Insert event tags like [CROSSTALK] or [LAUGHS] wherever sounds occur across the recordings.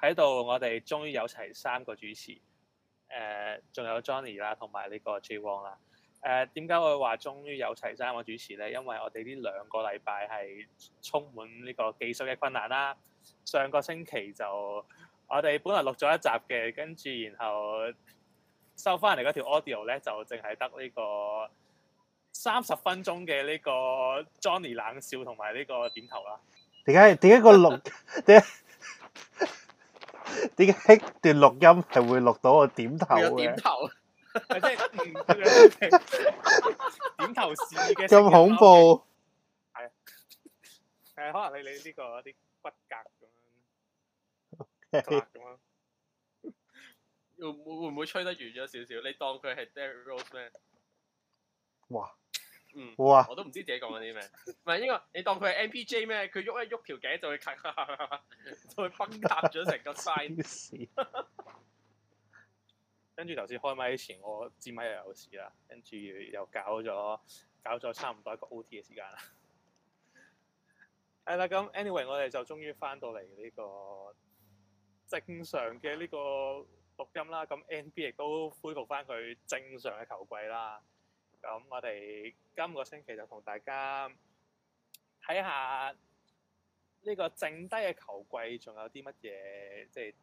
喺度，我哋終於有齊三個主持，誒、呃，仲有 Johnny 啦，同埋呢個 J Wong 啦。誒、呃，點解我會話終於有齊三個主持咧？因為我哋呢兩個禮拜係充滿呢個技術嘅困難啦。上個星期就我哋本來錄咗一集嘅，跟住然後收翻嚟嗰條 audio 咧，就淨係得呢個三十分鐘嘅呢個 Johnny 冷笑同埋呢個點頭啦。點解？點解個錄？點？ [LAUGHS] [LAUGHS] 點解段錄音係會錄到我點頭嘅？點頭，即係唔點頭事嘅咁恐怖。係啊，係啊，可能你你呢個有啲骨骼咁樣骨骼咁樣，會會唔會吹得遠咗少少？你當佢係 Derrick Roseman？哇！嗯，哇我都唔知自己講緊啲咩，唔係呢個，你當佢係 MPJ 咩？佢喐一喐條頸就會咔，咔咔咔，就會崩塌咗成個 [LAUGHS] size 跟住頭先開麥以前，我支麥又有事啦，跟住又搞咗，搞咗差唔多一個 OT 嘅時間啦。係 [LAUGHS] 啦，咁 anyway，我哋就終於翻到嚟呢個正常嘅呢個錄音啦。咁 NB 亦都恢復翻佢正常嘅球季啦。咁我哋今個星期就同大家睇下呢個剩低嘅球季仲有啲乜嘢，即係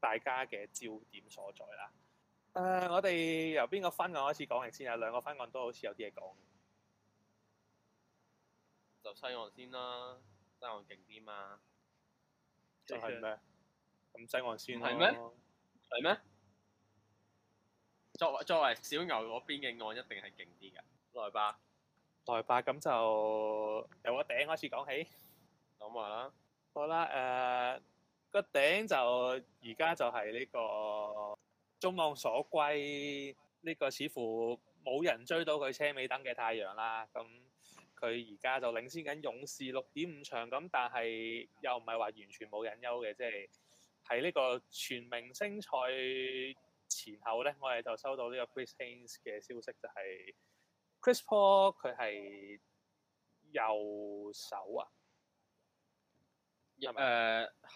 大家嘅焦點所在啦。誒、呃，我哋由邊個分岸開始講嘅先啊？兩個分岸都好似有啲嘢講。就西岸先啦，西岸勁啲嘛。就係咩？咁西岸先咯。係咩？係咩？作作為小牛嗰邊嘅案一定係勁啲嘅，來吧，來吧，咁就由個頂開始講起，諗下啦，好啦，誒、呃、個頂就而家就係呢、這個眾望所歸，呢、這個似乎冇人追到佢車尾燈嘅太陽啦，咁佢而家就領先緊勇士六點五場，咁但係又唔係話完全冇隱憂嘅，即係喺呢個全明星賽。前後咧，我哋就收到呢個 Chris Haynes 嘅消息，就係、是、Chris Paul 佢係右手啊，誒、嗯，係吧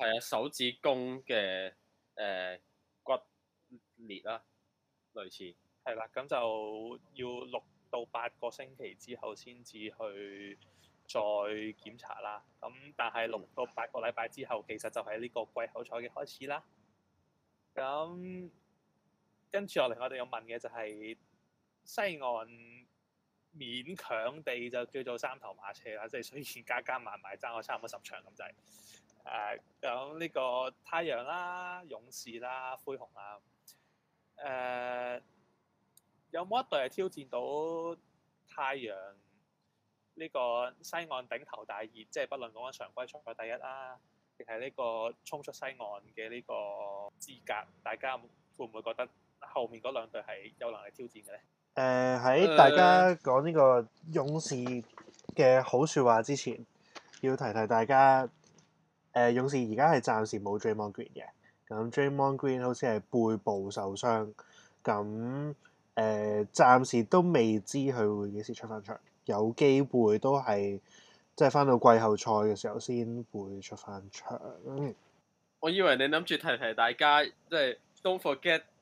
啊，手指公嘅誒、呃、骨裂啦、啊，類似。係啦、啊，咁就要六到八個星期之後先至去再檢查啦。咁但係六到八個禮拜之後，其實就係呢個季後賽嘅開始啦。咁。跟住落嚟，我哋要問嘅就係、是、西岸勉強地就叫做三頭馬車啦，即係雖然加加埋埋爭咗差唔多十場咁滯。誒、呃、咁、這、呢個太陽啦、勇士啦、灰熊啦，誒、呃、有冇一隊係挑戰到太陽呢、這個西岸頂頭大熱？即係不論講緊常規賽第一啦，定係呢個衝出西岸嘅呢個資格，大家會唔會覺得？後面嗰兩隊係有能力挑戰嘅咧？誒，喺大家講呢個勇士嘅好說話之前，要提提大家。誒、呃，勇士而家係暫時冇 Draymond Green 嘅，咁 Draymond Green 好似係背部受傷，咁誒，暫時都未知佢會幾時出翻場，有機會都係即係翻到季後賽嘅時候先會出翻場。我以為你諗住提提大家，即係 Don't forget。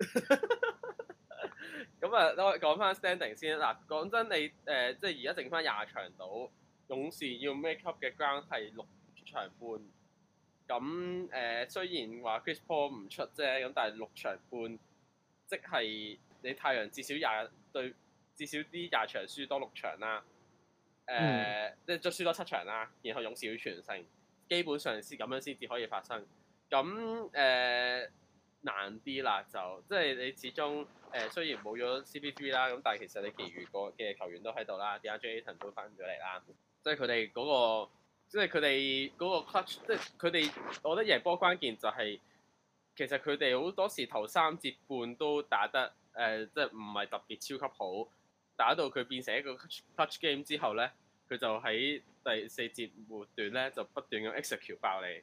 咁啊，都係講翻 standing 先嗱，講真你，你、呃、誒即係而家剩翻廿場到，勇士要 make up 嘅 ground 係六場半。咁誒、呃，雖然話 Chris Paul 唔出啫，咁但係六場半，即係你太陽至少廿對，至少啲廿場輸多六場啦。誒、呃，嗯、即係再輸多七場啦。然後勇士要全勝，基本上先咁樣先至可以發生。咁誒。呃難啲啦，就即係你始終誒、呃，雖然冇咗 CP3 啦，咁但係其實你其餘個嘅球員都喺度啦，D.J. Ayton 都翻咗嚟啦，即係佢哋嗰個，即係佢哋嗰個 clutch，即係佢哋，我覺得贏波關鍵就係、是、其實佢哋好多時頭三節半都打得誒、呃，即係唔係特別超級好，打到佢變成一個 clutch, clutch game 之後咧，佢就喺第四節末段咧就不斷咁 execute 爆你。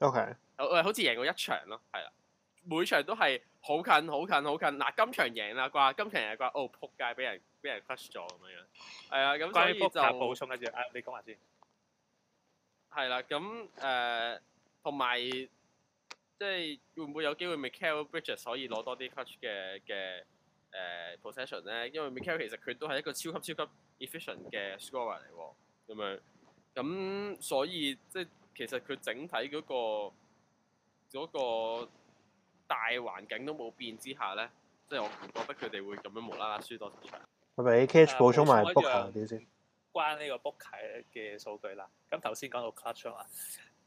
O.K. 誒好似贏過一場咯，係啦，每場都係好近好近好近嗱、啊，今場贏啦啩、呃，今場贏啦啩，哦、呃，撲街俾人俾人 clutch 咗咁樣樣，係啊，咁所以就補充一下先，啊，你講下先，係啦，咁誒同埋即係會唔會有機會 Mikal Bridges 可以攞多啲 clutch 嘅嘅誒 possession 咧？因為 Mikal 其實佢都係一個超級超級 efficient 嘅 scorer 嚟喎，咁樣咁所以即係。其實佢整體嗰、那個那個大環境都冇變之下咧，即係我唔覺得佢哋會咁樣無啦啦輸多場。我俾 cash 補充埋 book 球啲先。關呢個 book 卡嘅數據啦。咁頭先講到 clutch 啊，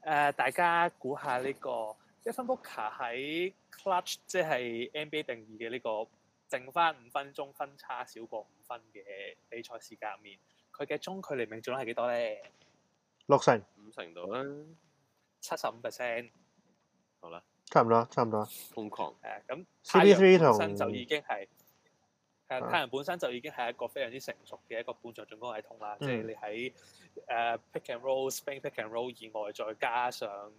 誒、啊、大家估下呢、這個一分 book 卡、er、喺 clutch，即係 NBA 定義嘅呢、這個剩翻五分鐘分差少過分嘅比賽時間入面，佢嘅中距離命中率係幾多咧？六成，五成度啦，七十五 percent，好啦吧，差唔多，差唔多，瘋狂 Kong。誒、啊，咁，C three 同，本身就已經係，誒，太陽本身就已經係、嗯、一個非常之成熟嘅一個半場進攻系統啦、啊。即、就、係、是、你喺誒、uh, pick and roll, Spain pick and roll 以外，再加上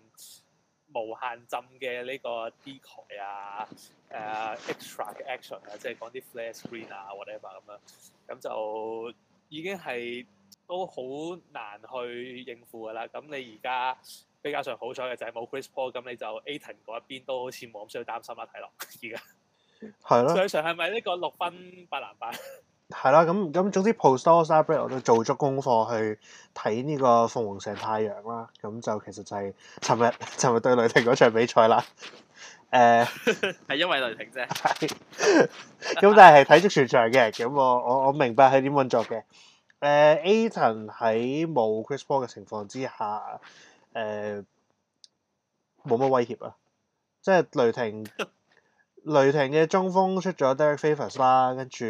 無限浸嘅呢個 d 台啊，誒、uh, extra 嘅 action 啊，即、就、係、是、講啲 flare screen 啊，whatever 咁樣，咁就已經係。都好難去應付噶啦，咁你而家比較上好彩嘅就係冇 Chris Paul，咁你就 Ayton 嗰一邊都好似冇咁需要擔心啦，睇落而家係咯。上場係咪呢個六分八籃板？係啦，咁咁總之 Post All-Star Break 我都做足功課去睇呢個鳳凰城太陽啦，咁就其實就係尋日尋日對雷霆嗰場比賽啦。誒，係因為雷霆啫。咁 [LAUGHS] 但係係睇足全場嘅，咁我我我明白係點運作嘅。誒、uh, Ayton 喺冇 Chris Paul 嘅情況之下，誒冇乜威脅啊！即係雷霆，雷霆嘅中鋒出咗 Derek Favors 啦，跟住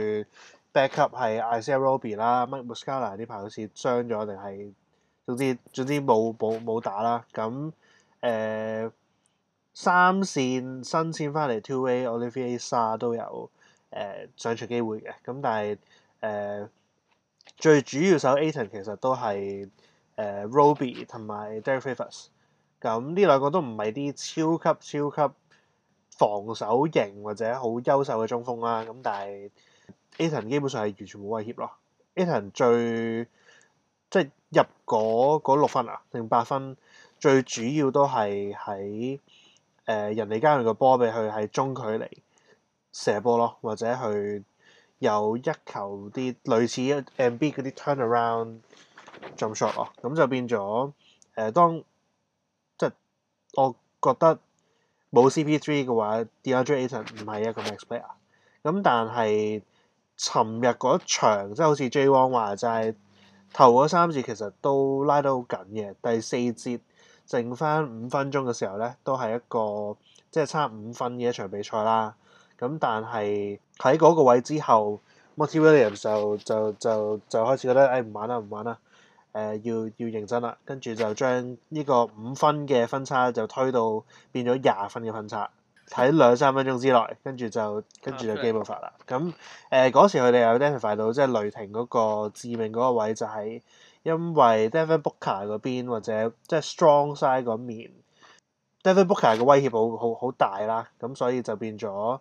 backup 係 Isaiah Roby 啦 Mike Muscala 呢排好似傷咗定係，總之總之冇冇冇打啦。咁誒、uh, 三線新簽翻嚟 Two A Olivier 沙都有誒、uh, 上場機會嘅，咁但係誒。Uh, 最主要手 Ayton 其實都係誒、呃、Roby 同埋 Derek Favors，咁呢兩個都唔係啲超級超級防守型或者好優秀嘅中鋒啦、啊，咁但係 Ayton 基本上係完全冇威脅咯。Ayton 最即係入嗰嗰六分啊定八分，最主要都係喺誒人哋交完個波俾佢係中距離射波咯，或者去，有一球啲類似 MB 嗰啲 turnaround jump shot 哦，咁就變咗誒、呃，當即我覺得冇 CP3 嘅話，DeAndre Ayton 唔係一個 max player。咁但係尋日嗰場即係好似 J 王話就係、是、頭嗰三節其實都拉得好緊嘅，第四節剩翻五分鐘嘅時候咧，都係一個即係差五分嘅一場比賽啦。咁但係喺嗰個位之後，Monty Williams 就就就就，就開始覺得誒唔、哎、玩啦唔玩啦誒、呃、要要認真啦，跟住就將呢個五分嘅分差就推到變咗廿分嘅分差，喺兩三分鐘之內，跟住就跟住就基本法啦。咁誒嗰時佢哋又 identify 到即係、就是、雷霆嗰個致命嗰個位就係因為 Devin Booker 嗰邊或者即係、就是、strongside 嗰面 Devin Booker 嘅威脅好好好大啦，咁所以就變咗。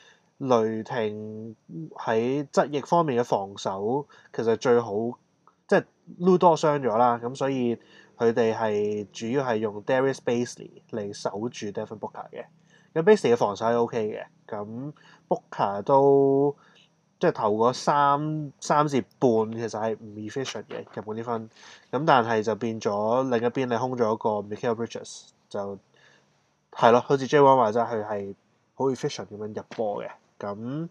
雷霆喺側翼方面嘅防守其實最好，即係擼多傷咗啦，咁所以佢哋係主要係用 Darius Bazley 嚟守住 Devin Booker 嘅。咁 Bazley 嘅防守係 OK 嘅，咁 Booker 都即係頭嗰三三節半其實係唔 efficient 嘅入嗰啲分，咁但係就變咗另一邊你空咗一個 Mikal Bridges 就係咯，好似 Jayvon 話齋佢係好 efficient 咁樣入波嘅。咁誒、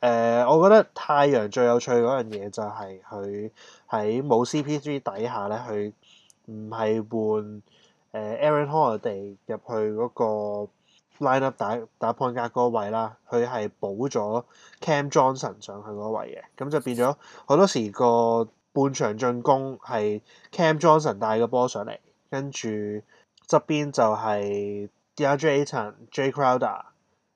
呃，我覺得太陽最有趣樣嘢就係佢喺冇 CP3 底下咧，佢唔係換誒 Aaron Holiday 入去個 lineup 打打 point guard 嗰位啦，佢係補咗 Cam Johnson 上去嗰位嘅，咁就變咗好多時個半場進攻係 Cam Johnson 帶個波上嚟，跟住側邊就係 Deandre Ayton、Jae Crowder。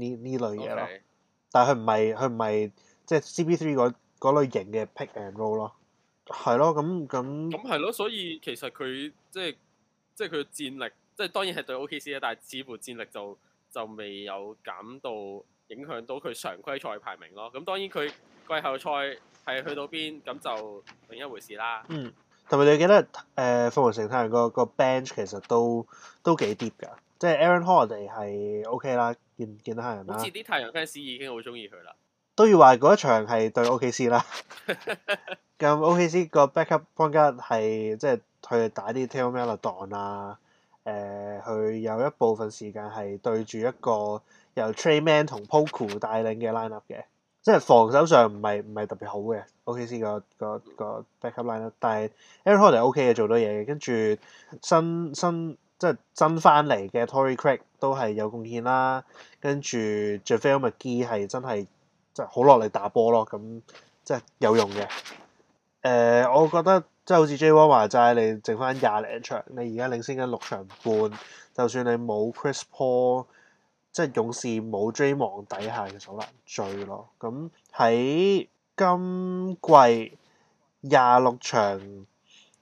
呢呢類嘢咯，Okay. 但係佢唔係佢唔係即係 C B three 嗰類型嘅 pick and roll 咯，係咯咁咁咁係咯，所以其實佢即係即係佢嘅戰力，即係當然係對 OKC 啦，但係似乎戰力就就未有減到影響到佢常規賽排名咯。咁當然佢季後賽係去到邊咁就另一回事啦。嗯，同埋你記得誒，呃、鳳凰城太陽個個 bench 其實都都幾 deep 㗎，即係 Aaron Holiday 係 O K 啦。見見到客人啦、啊，好似啲太陽 fans 已經好中意佢啦。都要話嗰一場係對 OKC、OK、啦、 [LAUGHS] [LAUGHS] OK。咁 OKC 個 backup 方家係即係佢打啲 tailman 嘅 n 啊，誒、呃，佢有一部分時間係對住一個由 train man 同 p o k o r 帶領嘅 lineup 嘅，即係防守上唔係唔係特別好嘅。OKC、OK 那個、那個 backup lineup，但係 Aaron r o d g OK 嘅，做到嘢，嘅，跟住新新。新即係爭翻嚟嘅 Torrey Craig 都係有貢獻啦，跟住 JaVale McGee 係真係即係好落力打波咯，咁即係有用嘅。誒、呃，我覺得即係好似 Draymond 話齋，你剩翻廿零場，你而家領先緊六場半，就算你冇 Chris Paul，即係勇士冇 Draymond 底下嘅手好難追咯。咁喺今季廿六場，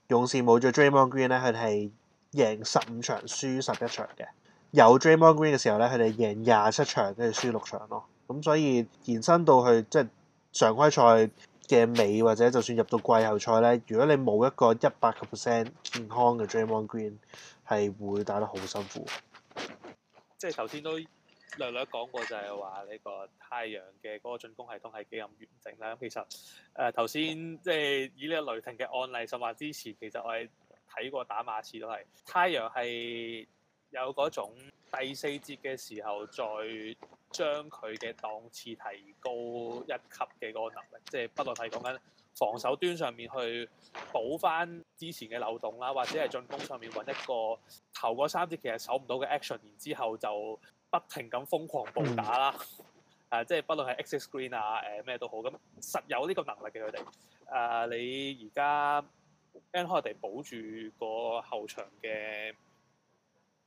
勇士冇咗 Draymond Green 咧，佢係。贏十五場，輸十一場嘅有 Draymond Green 嘅時候咧，佢哋贏廿七場，跟住輸六場咯。咁所以延伸到去即係常規賽嘅尾，或者就算入到季後賽咧，如果你冇一個一百個 percent 健康嘅 Draymond Green，係會打得好辛苦。即係頭先都略略講過，就係話呢個太陽嘅嗰個進攻系統係幾咁完整啦。咁、嗯、其實誒頭先即係以呢個雷霆嘅案例，甚至之前其實我係。睇過打馬刺都係，太陽係有嗰種第四節嘅時候再將佢嘅檔次提高一級嘅嗰個能力，即係不論係講緊防守端上面去補翻之前嘅漏洞啦，或者係進攻上面搵一個頭嗰三節其實守唔到嘅 action，然之後就不停咁瘋狂暴打啦，嗯、啊，即係不論係 exit screen 啊，誒、呃、咩都好，咁實有呢個能力嘅佢哋，啊、呃，你而家。N 可能哋保住個後場嘅，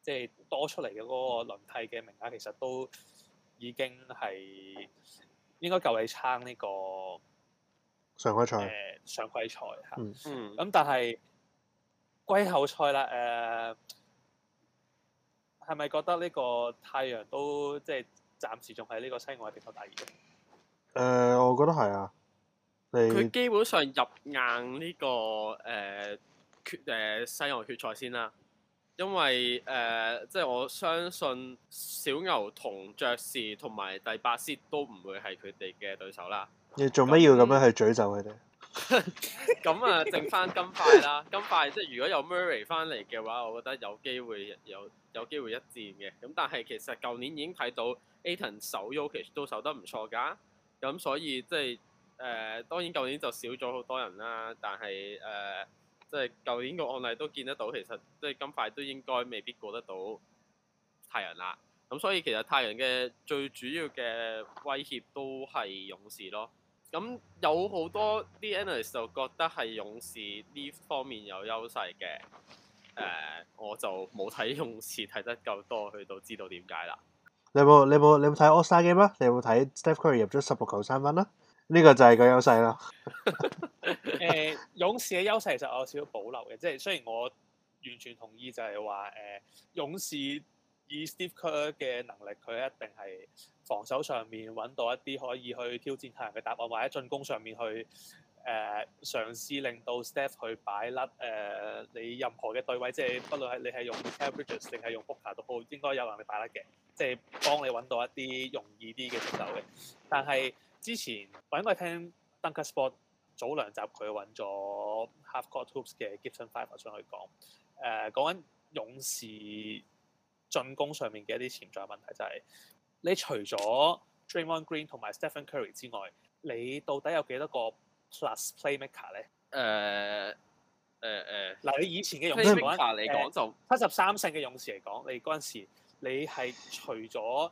即係多出嚟嘅嗰個輪替嘅名額，其實都已經係應該夠你撐呢、這個常規賽。誒、呃、常規賽嚇，嗯咁、嗯、但係季後賽啦，誒係咪覺得呢個太陽都即係暫時仲喺呢個西岸比較大熱？誒、呃，我覺得係啊。佢你基本上入硬呢、這個誒決誒西岸決賽先啦，因為誒、呃、即係我相信小牛同爵士同埋第八師都唔會係佢哋嘅對手啦。你做乜要咁樣去詛咒佢哋？咁那 [LAUGHS] [LAUGHS] 啊，剩翻金塊啦， [LAUGHS] 金塊即係如果有 Murray 翻嚟嘅話，我覺得有機會有有機會一戰嘅。咁但係其實舊年已經睇到 Ayton、e、守 Jokic 其實都守得唔錯噶，咁所以即係。誒、呃、當然舊年就少咗好多人啦，但係誒即係舊年個案例都見得到，其實即係咁快都應該未必過得到太陽啦。咁所以其實太陽嘅最主要嘅威脅都係勇士咯。咁有好多啲 analyst 就覺得係勇士呢方面有優勢嘅。誒、呃、我就冇睇勇士睇得夠多，去到知道點解啦。你有冇你有冇你冇睇 All Star Game 啊？你有冇睇 Stephen Curry 入咗十六球三分啦，啊？呢個就係個優勢咯。誒，勇士嘅優勢其實我有少少保留嘅，即係雖然我完全同意，就係話誒，勇士以 Steve Kerr 嘅能力，佢一定係防守上面揾到一啲可以去挑戰他人嘅答案，或者進攻上面去誒嘗試令到 Steph 去擺甩誒你任何嘅對位，即係不論係你係用 Bridges 定係用 Booker 都好應該有能力擺甩嘅，即係幫你揾到一啲容易啲嘅進球嘅。但係之前我應該係聽 Dunker Sport 早兩集，佢揾咗 Half Court Hoops 嘅 Gibson Five 上去講，誒、呃、講緊勇士進攻上面嘅一啲潛在問題，就係，就係你除咗 Draymond Green 同埋 Stephen Curry 之外，你到底有幾多個 Plus Playmaker 咧？誒誒誒，嗱、呃呃、你以前嘅勇士嚟講，就七十三勝嘅勇士嚟講，你嗰陣時你係除咗。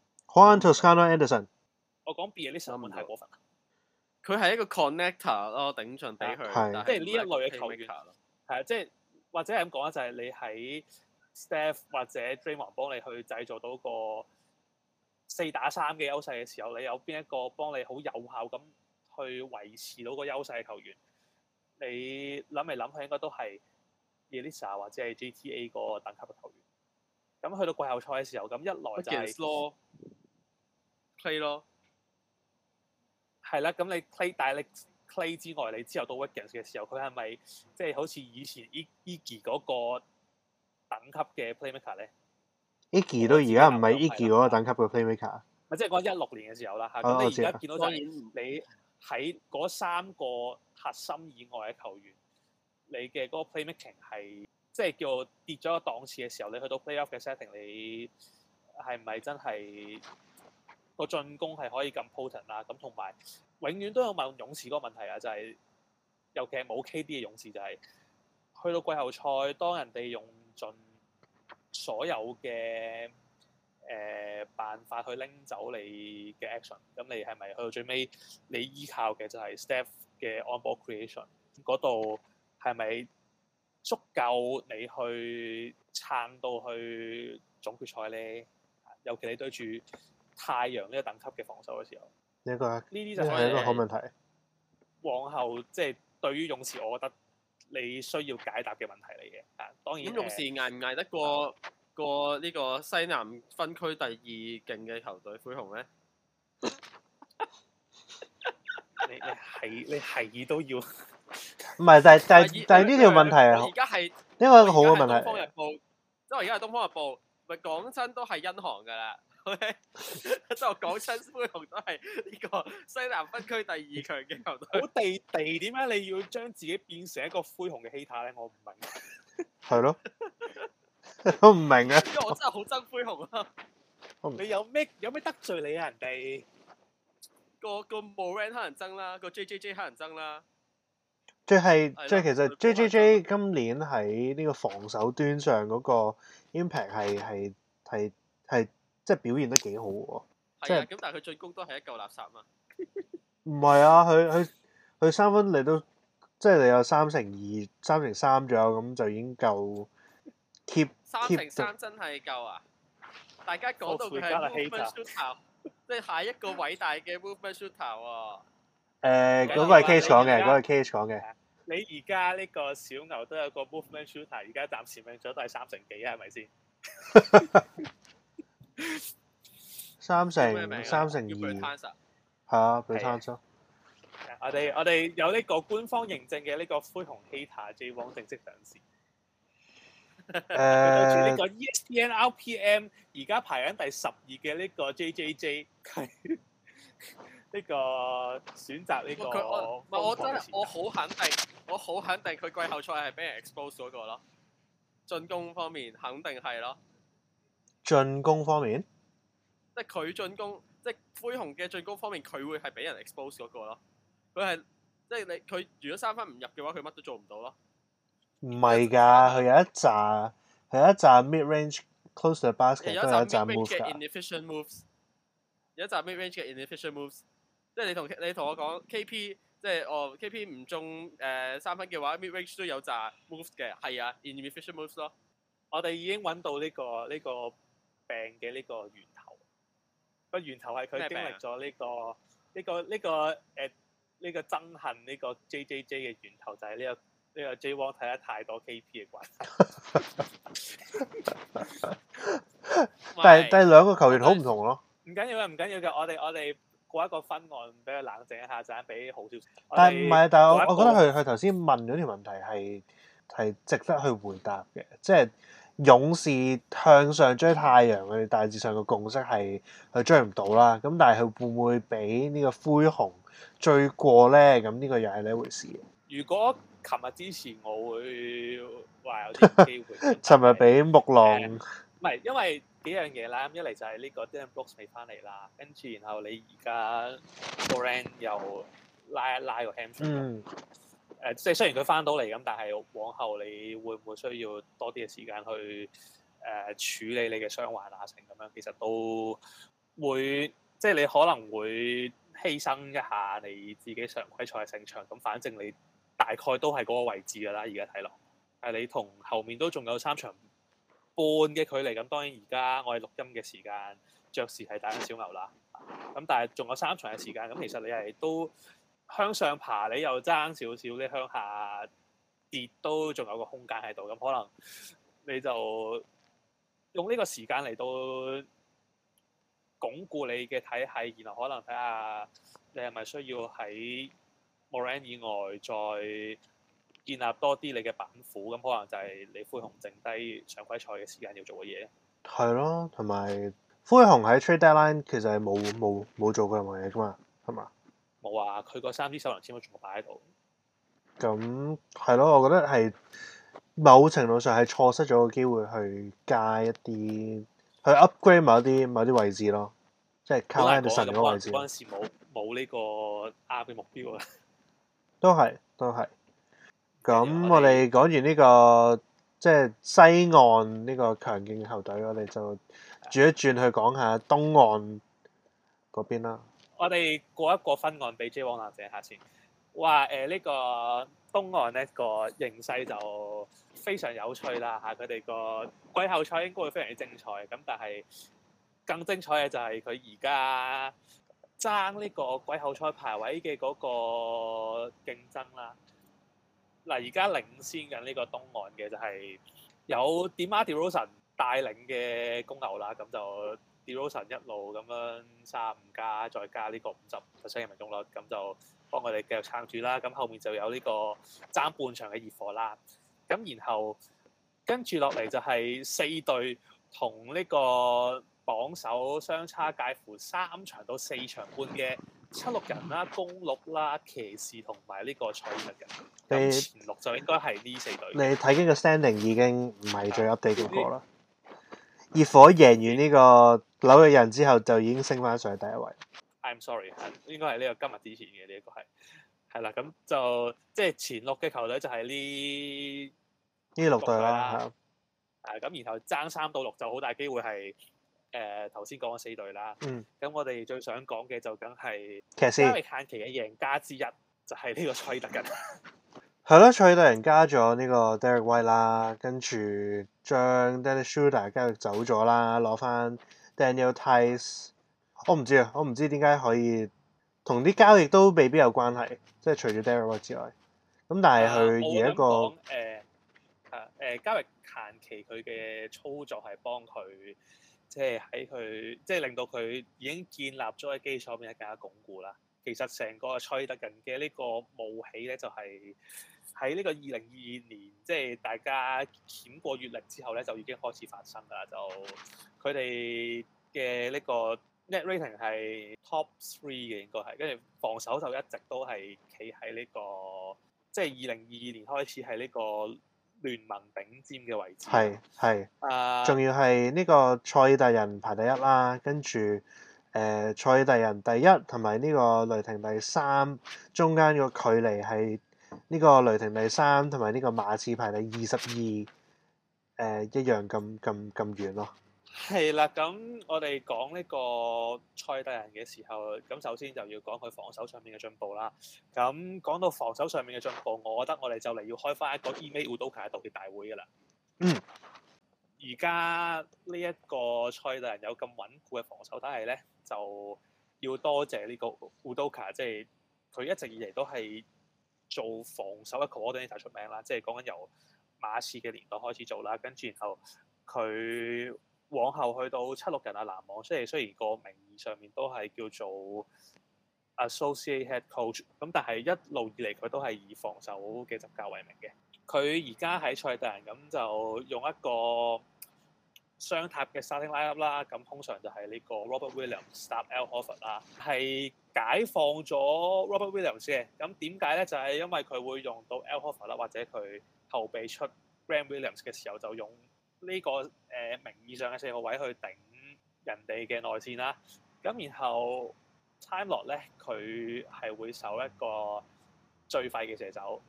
Juan Toscano-Anderson，我講 Bjelica 呢時候問題過分。佢係一個 connector 咯，頂盡俾佢，即係呢一類嘅球員係啊，即係或者係咁講咧，就係、是、你喺 Steph 或者 Draymond 幫你去製造到個四打三嘅優勢嘅時候，你有邊一個幫你好有效咁去維持到個優勢嘅球員？你諗嚟諗去，應該都係 Bjelica 或者係 JTA 嗰個等級嘅球員。咁去到季後賽嘅時候，咁一來就係、是。嗯 play 咯，係啦，咁你 play 大力 play 之外，你之後到 Wiggins 嘅時候，佢係咪即係好似以前 Iggy 嗰個等級嘅 playmaker 咧？Iggy 都而家唔係 Iggy 嗰個等級嘅 playmaker，唔係即係講一六，就是，年嘅時候啦。咁你而家見到就係你喺嗰三個核心以外嘅球員，你嘅嗰個 playmaking 係即係、就是、叫跌咗個檔次嘅時候，你去到 playoff 嘅 setting，你係咪真係？個進攻係可以咁 potent 啦，咁同埋永遠都有問勇士嗰個問題啊，就係尤其係冇 KD 嘅勇士，就係去到季後賽，當人哋用盡所有嘅誒辦法去拎走你嘅 action，咁你係咪去到最尾，你依靠嘅就係 Steph 嘅 on-ball creation 嗰度係咪足夠你去撐到去總決賽呢？尤其你對住太陽呢個等級嘅防守嘅時候，呢個呢啲就係一個好問題。往後即係對於勇士，我覺得你需要解答嘅問題嚟嘅。啊，當然。勇士捱唔捱得過過呢個西南分區第二勁嘅球隊灰熊咧？你你係你係都要，唔係就係就係就係呢條問題。而家係呢個係一個好嘅問題。因為而家係《東方日報》，因為而家係《東方日報》，咪講真都係因寒噶啦。咧就我講親灰熊都係呢個西南分區第二強嘅球隊。好地地點解你要將自己變成一個灰熊嘅希塔咧？我唔明。係咯，我唔明啊。因為我真係好憎灰熊啊！我唔你有咩有咩得罪你人哋？個個莫蘭黑人憎啦，個 J J J 黑人憎啦。即係即其實 J J J 今年喺呢個防守端上嗰個 impact 係係係係。即係表現得幾好喎，係啊，咁但係佢進攻都係一嚿垃圾嘛，唔係啊，佢佢佢三分嚟到即係你有三成二、三成三左右咁就已經夠 keep。三成三真係夠啊！大家講到佢係 movement shooter，即係下一個偉大嘅 movement shooter 啊！誒，嗰個係 Case 講嘅，嗰個 Case 講嘅。你而家呢個小牛都有個 movement shooter，而家暫時命中都係三成幾啊，係咪先？三成，三成二，係啊，俾差咗。我哋我哋有呢個官方認證嘅呢個灰熊 Hater J 王正式展示。誒，呢個 ESPN RPM 而家排緊第十二嘅呢個 J J J，呢個的選擇呢個。唔係我真係我好肯定，我好肯定佢季後賽係俾人 expose 嗰個咯。進攻方面肯定係咯。進攻方面，即係佢進攻，即係灰熊嘅進攻方面，佢會係俾人 expose 嗰個咯。佢係即係你佢如果三分唔入嘅話，佢乜都做唔到咯。唔係噶，佢有一扎，佢有一扎 mid range close the basket，都有一扎 moves。有一扎 mid range 嘅 inefficient moves，即係你同你同我講，KP 即係哦 KP 唔中誒三分嘅話，mid range 都有扎 moves 嘅，係啊，inefficient moves 咯。我哋已經揾到呢個呢個。這個這個病嘅呢個源頭，個源頭係佢經歷咗呢個呢個呢個誒呢個憎恨呢個 J J J 嘅源頭就係呢個呢個 J One 睇得太多 K P 嘅關係。但係但係兩個球員好唔同咯。唔緊要嘅，唔緊要嘅，我哋我哋過一個分案俾佢冷靜一下，陣間俾好少。但係唔係，但係我我覺得佢佢頭先問咗條問題係係值得去回答嘅，即係。勇士向上追太陽，佢大致上個共識係佢追唔到啦，咁但係佢會唔會俾呢個灰熊追過咧？咁呢個又係另一回事。如果琴日之前，我會話有啲機會。琴日俾木狼，唔係、呃、因為幾樣嘢啦，一嚟就係呢、呢個 [LAUGHS] Dan Brooks 未翻嚟啦，跟住然後你而家 Boren 又拉，拉一拉個 hamstring、嗯。誒，即係雖然佢翻到嚟咁，但係往後你會唔會需要多啲嘅時間去誒、呃、處理你嘅傷患啊？成咁樣其實都會，即係你可能會犧牲一下你自己常規賽嘅勝場。咁反正你大概都係嗰個位置㗎啦。而家睇落，係你同後面都仲有三場半嘅距離。咁當然而家我哋錄音嘅時間，爵士係打緊小牛啦。咁但係仲有三場嘅時間。咁其實你係都，向上爬你又爭少少，你向下跌都仲有個空間喺度，咁可能你就用呢個時間嚟到鞏固你嘅體系，然後可能睇下你係咪需要喺 Morant 以外再建立多啲你嘅板斧，咁可能就係你灰熊剩低常規賽嘅時間要做嘅嘢。係咯，同埋灰熊喺 Trade Deadline 其實係冇冇冇做過任何嘢噶嘛，係嘛？冇啊！佢嗰三支首輪簽都仲擺喺度。咁係咯，我覺得係某程度上係錯失咗個機會去加一啲，去 upgrade 某啲某啲位置咯，即係卡 line 神嗰個位置。嗰陣時冇冇呢個啱嘅目標啊！ [LAUGHS] 都係都係。咁、呃、我哋講完呢、這個即係西岸呢個強勁球隊，的我哋就轉一轉去講下的東岸嗰邊啦。我哋過一個分案俾 J 王南整下先，話誒呢個東岸呢個形勢就非常有趣啦嚇，佢哋個季後賽應該會非常之精彩，咁但係更精彩嘅就係佢而家爭呢個季後賽排位嘅嗰個競爭啦。嗱，而家領先緊呢個東岸嘅就係有 DeMar DeRozan 帶領嘅公牛啦，咁就。DeRozan 一路咁樣三五加，再加呢個五十，percent 嘅命中率，咁就幫佢哋繼續撐住啦。咁後面就有呢個爭半場嘅熱火啦。咁然後跟住落嚟就係四隊同呢個榜首相差介乎三場到四場半嘅七六人啦、公鹿啦、騎士同埋呢個賽爾特人。咁你前六就應該係呢四隊你。你睇緊嘅 standing 已經唔係最 update 嗰個啦。熱火贏完呢個紐約人之後，就已經升翻上去第一位。I'm sorry，應該係呢個今日之前嘅呢一個係，係啦，咁就即係前六嘅球隊就係呢呢六隊啦、啊。誒、啊，咁然後爭三到六就好大機會係誒頭先講嘅四隊啦、啊。嗯。咁我哋最想講嘅就梗係，因為斯限期嘅贏家之一就係、是、呢個賽爾特人。係 [LAUGHS] 咯，賽爾特人加咗呢個 Derrick White 啦，跟住。將 Dennis Schröder 交易走咗啦，攞翻 Daniel Theis。我唔知啊，我唔知點解可以同啲交易都未必有關係，即係除咗 Derrick 之外。咁但係佢而一個誒誒、嗯呃呃、交易限期佢嘅操作係幫佢即係喺佢即係令到佢已經建立咗喺基礎面更加鞏固啦。其實成個塞爾特人嘅呢個冒起咧，就係、是。喺呢個二零二二年，即係大家掀過月曆之後咧，就已經開始發生噶啦。就佢哋嘅呢個 net rating 係 top three 嘅，應該係跟住防守就一直都係企喺呢個，即係二零二二年開始喺呢個聯盟頂尖嘅位置。係係，誒，仲、uh, 要係呢個塞爾特人排第一啦，跟住誒塞爾特人第一同埋呢個雷霆第三，中間個距離係。呢個雷霆第三同埋呢個馬刺排第二十二，誒，一樣咁咁咁遠咯。係啦，咁我哋講呢個賽德人嘅時候，咁首先就要講佢防守上面嘅進步啦。咁講到防守上面嘅進步，我覺得我哋就嚟要開翻一個 Ime 烏多卡嘅道歉大會噶啦。嗯，而家呢一個賽德人有咁穩固嘅防守，但係咧，就要多謝呢個烏多卡，即係佢一直以嚟都係。做防守一個，我覺得已經太出名啦。即係講緊由馬刺嘅年代開始做啦，跟住然後佢往後去到七六人啊、籃網，雖然雖然個名義上面都係叫做 associate head coach，咁但係一路以嚟佢都係以防守嘅執教為名嘅。佢而家喺賽特人咁就用一個。雙塔嘅 starting lineup 啦，咁通常就係呢個 Robert Williams start Al Horford 啦，係解放咗 Robert Williams 先。咁點解咧？就係、是、因為佢會用到 Al Horford 啦，或者佢後備出 Grant Williams 嘅時候，就用呢、這個誒、呃、名義上嘅四號位去頂人哋嘅內線啦。咁然後 Time Lord 咧，佢係會守一個最快嘅射手。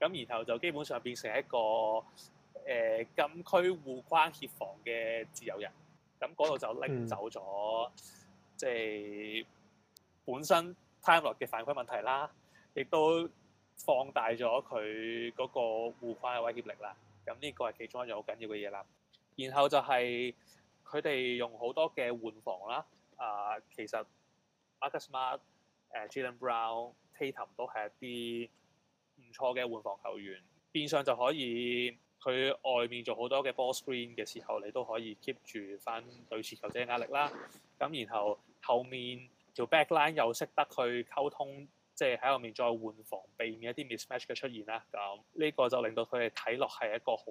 咁然後就基本上變成一個。誒禁、呃、區互關協防嘅自由人，咁嗰度就拎走咗，嗯、即係本身 Time Lord 嘅犯規問題啦，亦都放大咗佢嗰個互關嘅威脅力啦。咁呢個係其中一樣好緊要嘅嘢啦。然後就係佢哋用好多嘅換防啦。啊、呃，其實 Marcus Smart、呃、誒 Jaylen Brown、Tatum 都係一啲唔錯嘅換防球員，變相就可以。佢外面做好多嘅 ball screen 嘅時候，你都可以 keep 住翻對持球者嘅壓力啦。咁然後後面條 back line 又識得去溝通，即係喺後面再換防，避免一啲 mismatch 嘅出現啦。咁、這、呢個就令到佢哋睇落係一個好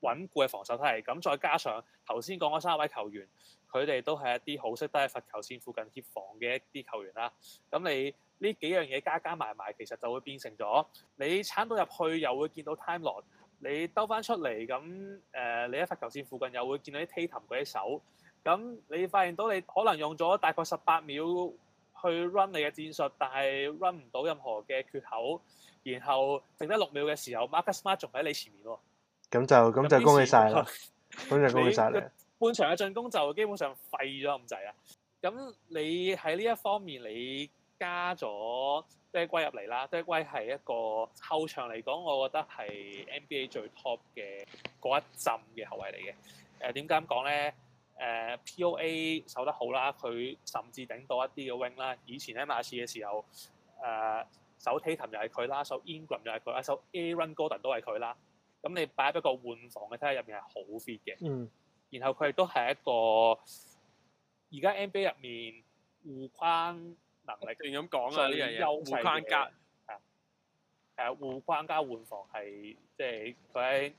穩固嘅防守體系。咁再加上頭先講嗰三位球員，佢哋都係一啲好識得喺罰球線附近貼防嘅一啲球員啦。咁你呢幾樣嘢加加埋埋，其實就會變成咗你撐到入去，又會見到 time line。你兜翻出嚟咁，誒，你喺罰球線附近又會見到啲 Tatum 嗰啲手，咁你發現到你可能用咗大概十八秒去 run 你嘅戰術，但係 run 唔到任何嘅缺口，然後剩得六秒嘅時候，Marcus Smart 仲喺你前面喎。咁就咁就恭喜曬啦，咁就恭喜曬你。半場嘅進攻就基本上廢咗咁滯啦。咁你喺呢一方面你。加咗德威入嚟啦。德威係一個後場嚟講，我覺得係 NBA 最 top 嘅嗰一陣嘅後衞嚟嘅。誒點解咁講咧？誒、呃、P.O.A 守得好啦，佢甚至頂到一啲嘅 wing 啦。以前喺馬刺嘅時候，誒、呃、守 Tatum 又係佢啦，守 Ingram 又係佢，啊守 Aaron Gordon 都係佢啦。咁你擺喺一個換防嘅睇下入面係好 fit 嘅。嗯，然後佢亦都係一個而家 NBA 入面護框能力咁講啊呢樣嘢，護框加，係誒、啊，護框加換防係即係佢喺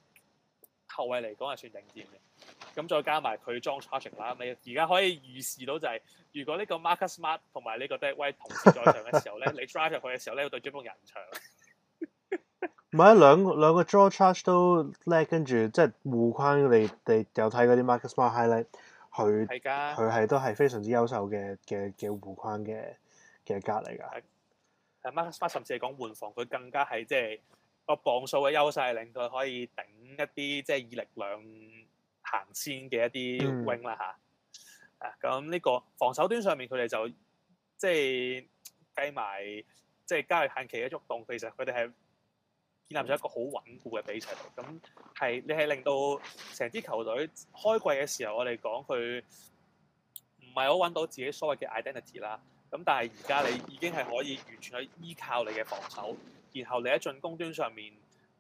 後衛嚟講係算頂尖嘅。咁、嗯、再加埋佢裝 charging 啦，咁而家可以預示到就係、是，如果呢個 Marcus、er、Smart 同埋呢個 D-White 同時在場嘅時候咧， [LAUGHS] 你 drive 入去嘅時候咧，對住呢波人長。唔係啊，兩兩個 draw charge 都叻，跟住即係護框你哋有睇嗰啲 Marcus、er、Smart highlight，佢佢係的都係非常之優秀嘅嘅嘅護框嘅。嘅隔嚟㗎，係 Maxwell 甚至係講換防，佢更加係即係個磅數嘅優勢，令到佢可以頂一啲即係以力量行先嘅一啲 wing 啦嚇。咁呢、嗯啊、個防守端上面佢哋就即係計埋即係交易、就是、限期嘅觸動，其實佢哋係建立咗一個好穩固嘅比賽。咁係你係令到成支球隊開季嘅時候，我哋講佢唔係好揾到自己所謂嘅 identity 啦。咁但係而家你已經係可以完全去依靠你嘅防守，然後你喺進攻端上面，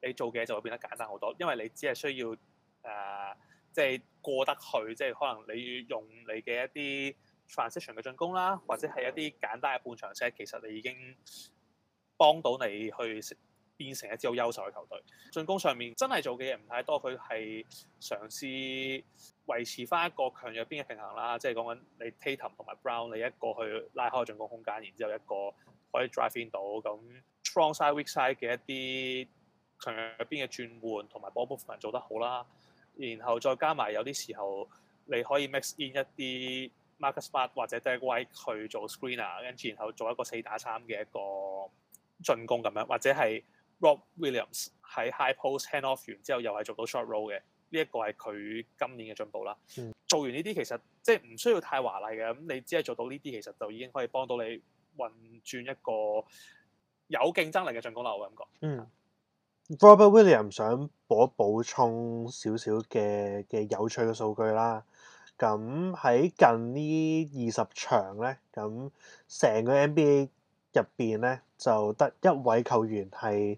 你做嘅就會變得簡單好多，因為你只係需要誒即係過得去，即係可能你要用你嘅一啲 transition 嘅進攻啦，或者係一啲簡單嘅半場式，其實你已經幫到你去。變成一支好優秀嘅球隊。進攻上面真係做嘅嘢唔太多，佢係嘗試維持翻一個強弱邊嘅平衡啦。即係講緊你 Tatum 同埋 Brown，你一個去拉開進攻空間，然之後一個可以 drive in 到咁 strong side weak side 嘅一啲強弱邊嘅轉換同埋 ball movement 做得好啦。然後再加埋有啲時候你可以 mix in 一啲 Marcus Smart 或者 Derrick White 去做 screener，跟住然後做一個四打三嘅一個進攻咁樣，或者係。Rob Williams 喺 High Post Handoff 完之後，又係做到 Short Roll 嘅，呢一個係佢今年嘅進步啦。嗯、做完呢啲其實即係唔需要太華麗嘅，咁你只係做到呢啲，其實就已經可以幫到你運轉一個有競爭力嘅進攻啦。我感覺。嗯。Robert Williams 想補補充少少嘅嘅有趣嘅數據啦。咁喺近呢二十場咧，咁成個 NBA 入邊咧，就得一位球員係。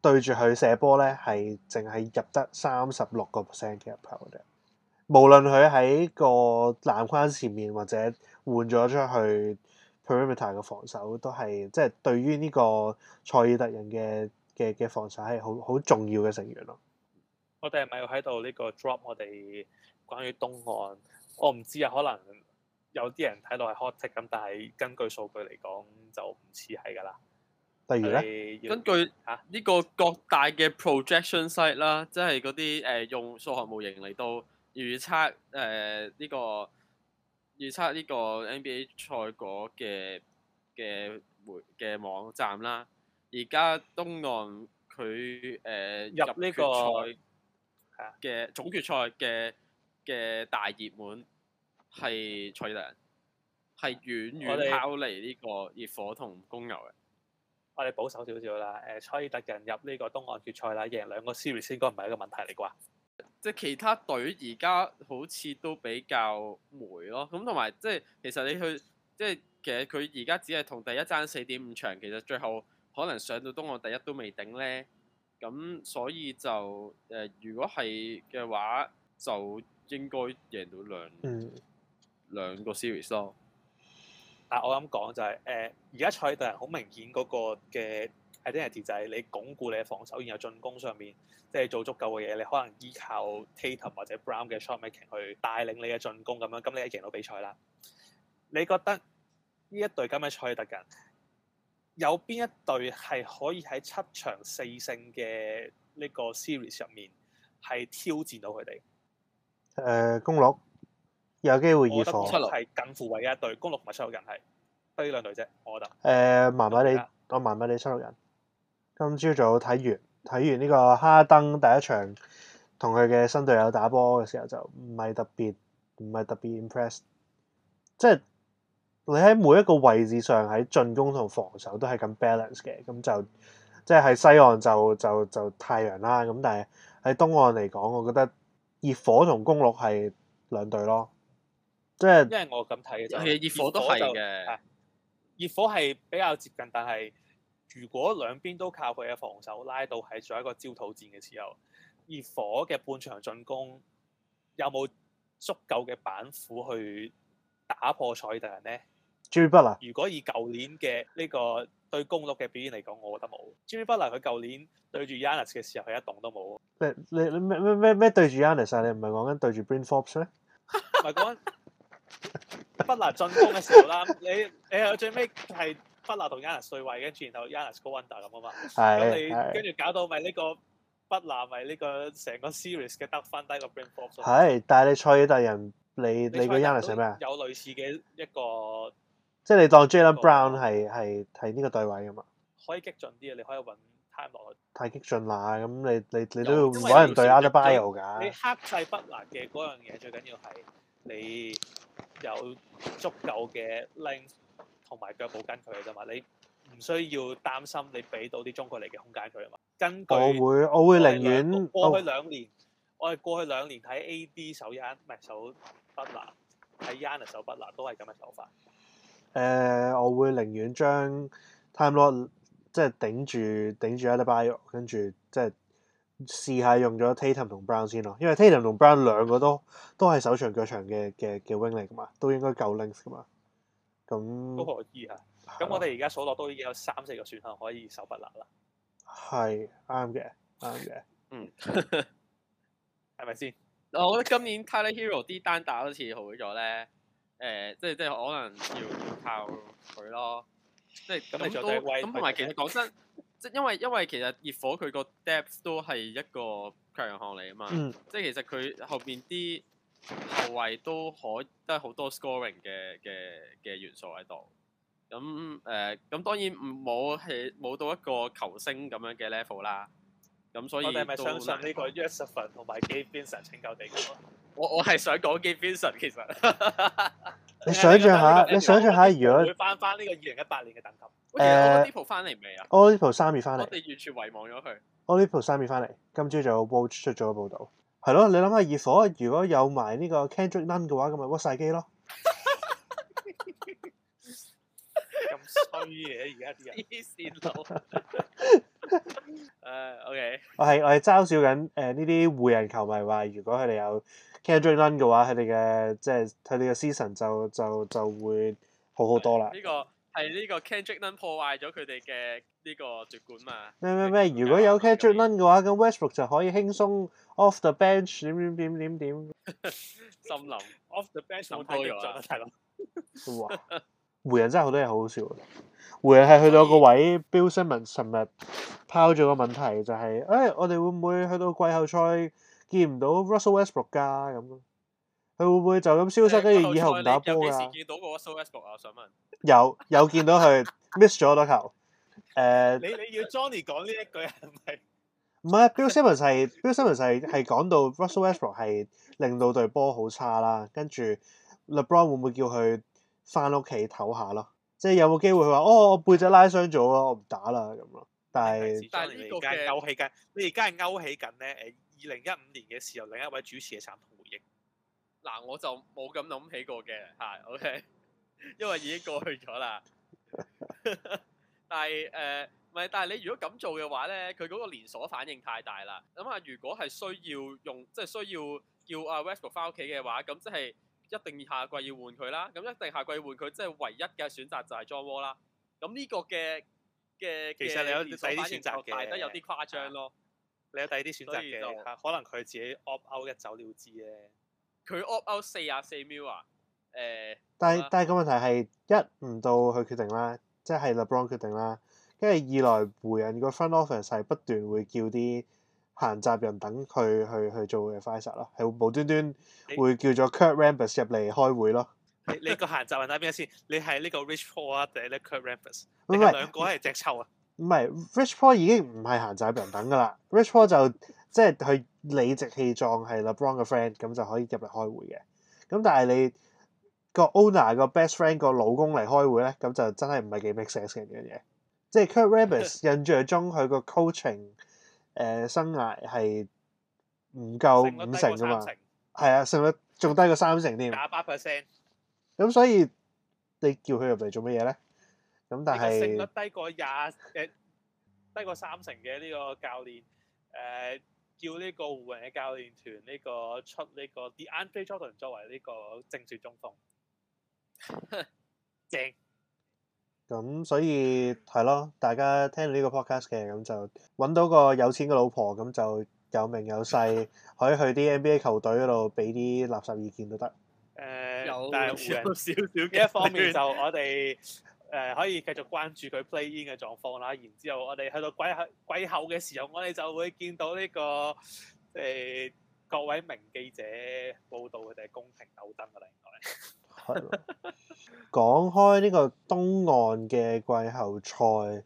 對住佢射波咧，係淨係入得三十六個 percent 嘅入球啫。無論佢喺個籃框前面或者換咗出去 perimeter 嘅防守，都係即係對於呢個塞爾特人嘅嘅嘅防守係好好重要嘅成員咯。我哋係咪要喺度呢個 drop 我哋關於東岸？我唔知啊，可能有啲人睇到係 hot take 咁，但係根據數據嚟講，就唔似係噶啦。例如咧，根據嚇呢個各大嘅 projection site 啦，即係嗰啲誒用數學模型嚟到預測誒呢個預測呢個 NBA 賽果嘅嘅嘅網站啦。而家東岸佢，誒、呃、入呢、個賽嘅總決賽嘅嘅大熱門係蔡涼，係遠遠拋離呢個熱火同公牛嘅。我哋、啊、保守少少啦，誒、啊，塞爾特人入呢個東岸決賽啦，贏兩個 series 先，應該唔係一個問題嚟啩？即係其他隊而家好似都比較霉咯，咁同埋即係其實你去即係、就是、其實佢而家只係同第一爭四點五場，其實最後可能上到東岸第一都未頂咧，咁所以就誒、呃，如果係嘅話，就應該贏到兩、嗯、兩個 series 咯。啊！但我咁講就係、是、誒，而家賽特人好明顯嗰個嘅 identity 就係你鞏固你嘅防守，然後進攻上面即係做足夠嘅嘢，你可能依靠 Tatum 或者 Brown 嘅 shotmaking 去帶領你嘅進攻咁樣，咁你一贏到比賽啦。你覺得呢一隊今次賽特人有邊一隊係可以喺七場四勝嘅呢個 series 入面係挑戰到佢哋？誒、呃，公鹿。有機會熱火七六，係近乎唯一嘅一隊，公鹿同埋七六人係得呢兩隊啫，我覺得。誒、呃，麻麻地，我麻麻地七六人。今朝早睇完睇完呢個哈登第一場同佢嘅新隊友打波嘅時候，就唔係特別唔係特別 impress。即係你喺每一個位置上喺進攻同防守都係咁 balance 嘅，咁就即係喺西岸就就就太陽啦。咁但係喺東岸嚟講，我覺得熱火同公鹿係兩隊咯。即係，就是、因為我咁睇嘅就佢熱火都係嘅，熱火係比較接近，但係如果兩邊都靠佢嘅防守拉到，係做一個焦土戰嘅時候，熱火嘅半場進攻有冇足夠嘅板斧去打破賽特人呢？Jabba 如果以舊年嘅呢個對公鹿嘅表現嚟講，我覺得冇。Jabba 佢舊年對住 Yanis 嘅時候係一棟都冇。你你咩咩咩咩對住 Yanis 啊？你唔係講緊對住 Bryn Forbes 咩？唔係講。不 [LAUGHS] 拿進攻嘅時候啦，你你係最尾係不拿同 Yannis 對位，跟住然後 Yannis go under 咁啊嘛，咁是你跟住是搞到咪呢、這個不拿咪呢個成個 series 嘅得分低個 Brain Box。係，但係你塞爾特人，你你個 Yannis 係咩啊？有類似嘅一個，即係你當 Jaylen Brown 係係係呢個對位啊嘛。可以激進啲啊，你可以搵太耐太激進啦，咁你你你都要搵人對 Arthubio 噶。你克制不拿嘅嗰樣嘢最緊要係你。有足夠嘅 link 同埋腳步跟佢嘅啫嘛，你唔需要擔心你俾到啲中距離嘅空間佢啊嘛。根據我會，我會寧願過去兩年，我哋過去兩年睇 AD 守 Y，唔係守 Butler，睇 Giannis 守 Butler 都係咁嘅手法。誒，我會寧願將 Time Lord 即係頂住頂住一個 Bio，跟住即係。試下用咗 Tatum 同 Brown 先咯，因為 Tatum 同 Brown 兩個都都係手長腳長嘅嘅嘅 wingling 嘛，都應該夠 length 噶嘛。咁都可以嚇。咁我哋而家數落都已經有三、四個選項可以手不辣啦。係啱嘅，啱嘅。嗯，係咪先？我覺得今年 Tyler Herro 啲單打好似好咗咧。誒、呃，即係即係可能要靠佢咯。即係咁都咁同埋，其實講真。即因為因為其實熱火佢個 depth 都係一個強項嚟啊嘛。嗯、即係其實佢後邊啲後衞都可都係好多 scoring 嘅嘅嘅元素喺度。咁誒咁當然冇係冇到一個球星咁樣嘅 level 啦，咁所以我哋咪難相信呢個 Yurtseven 同埋 Gabe Vincent 拯救地球。 [LAUGHS] [LAUGHS] 我我係想講 Game Vision 其實，哈哈你想象下，你，way, 你想象下如果翻翻呢個二零一八年嘅等級，誒，Oladipo 翻嚟未啊？Oladipo 三月翻嚟，uh, 我哋完全遺忘咗佢。Oladipo 三月翻嚟，今朝就出個報出咗報道，係咯？你諗下熱火如果有埋呢個 Kendrick Nunn 嘅話，咁咪屈曬機咯。咁衰嘅而家啲人，啲線路。誒、 [LAUGHS] uh,，OK，我係我係嘲笑緊誒呢啲湖人球迷話，如果佢哋有 Kendrick Nunn 嘅話，佢哋嘅即係佢哋嘅 season 就就就會好好多啦。呢、這個係呢個 Kendrick Nunn 破壞咗佢哋嘅呢個奪冠嘛？咩咩咩？如果有 Kendrick Nunn 嘅話，咁 Westbrook、ok、就可以輕鬆 off the bench 點點點點點。 [LAUGHS] 森林 off the bench 好多嘢咯。湖 [LAUGHS] [LAUGHS] 人真係好多嘢好好笑。湖人係去到個位以，Bill Simmons 尋日拋咗個問題、就是，就係誒我哋會唔會去到季後賽？見唔到 Russell Westbrook、ok、噶咁咯，佢會唔會就咁消失，跟住、嗯、以後唔打波噶、啊？有有見到佢 miss 咗多球。誒、uh,，你你要 Johnny 講呢一句係唔係 Bill Simmons 係 [LAUGHS] Bill Simmons 係係講到 Russell Westbrook 係令到隊波好差啦，跟住 LeBron 會唔會叫佢翻屋企唞下咯？即係有冇機會佢話哦，我背脊拉傷咗，我唔打啦咁咯。但係但係呢個嘅勾起緊，你而家係勾起緊咧？誒。二零一五年嘅時候，另一位主持嘅慘痛回憶，嗱我就冇咁諗起過嘅，嚇、啊、OK， [LAUGHS] 因為已經過去咗啦、 [LAUGHS] 呃。但係誒，唔係，但係你如果咁做嘅話咧，佢嗰個連鎖反應太大啦。諗下如果係需要用，即、就、係、是、需要叫阿 Westbrook 翻屋企嘅話，咁即係一定下季要換佢啦。咁一定下季要換佢，即、就、係、是、唯一嘅選擇就係 John Wall 啦。咁呢個嘅嘅其實你有嘅選擇大得有啲誇張咯。你有第二啲選擇嘅以可能佢自己 opt out 一走了之咧。佢 opt out 四啊四秒啊！誒、欸，但係、啊、但係個問題係一唔到佢決定啦，即、就、係、是、LeBron 決定啦。跟住二來湖人個 front office 係不斷會叫啲閒雜人等佢去去做嘅 refresher 咯，係無端端會叫咗 Curt Rambus 入嚟開會咯你 [LAUGHS] 你。你你個閒雜人打邊個先？你係呢個 Rich Paul 啊定係呢 Curt Rambus？是你哋兩個係隻抽啊！唔係，Rich Paul 已經唔係閒雜人等噶啦。Rich Paul 就即係佢理直氣壯係 LeBron 嘅 friend，咁就可以入嚟開會嘅。咁但係你個 Owner 個 best friend 個老公嚟開會咧，咁就真係唔係幾 make sense 嘅樣嘢。即係 Kurt Rambis 印象中佢個 coaching 誒、呃、生涯係唔夠五成啊嘛，係啊，勝率仲低過三成添，打八 percent。咁所以你叫佢入嚟做乜嘢咧？咁但係勝率低過廿誒、呃、低過三成嘅呢個教練誒、呃、叫呢個湖人嘅教練團呢個出呢、這個 DeAndre Jordan 作為呢個正選中鋒， [LAUGHS] 正。咁所以係咯，大家聽到呢個 podcast 嘅咁就揾到個有錢嘅老婆，咁就有名有勢，可以去啲 NBA 球隊嗰度俾啲垃圾意見都得。有，但係有少少。 [LAUGHS] 一方面就我哋。誒、呃、可以繼續關注佢 play in 嘅狀況啦。然之後我哋去到季季後嘅時候，我哋就會見到呢、這個誒、呃、各位名記者報導佢哋宮廷鬥爭啦。另外，講吧 [LAUGHS] 開呢個東岸嘅季後賽，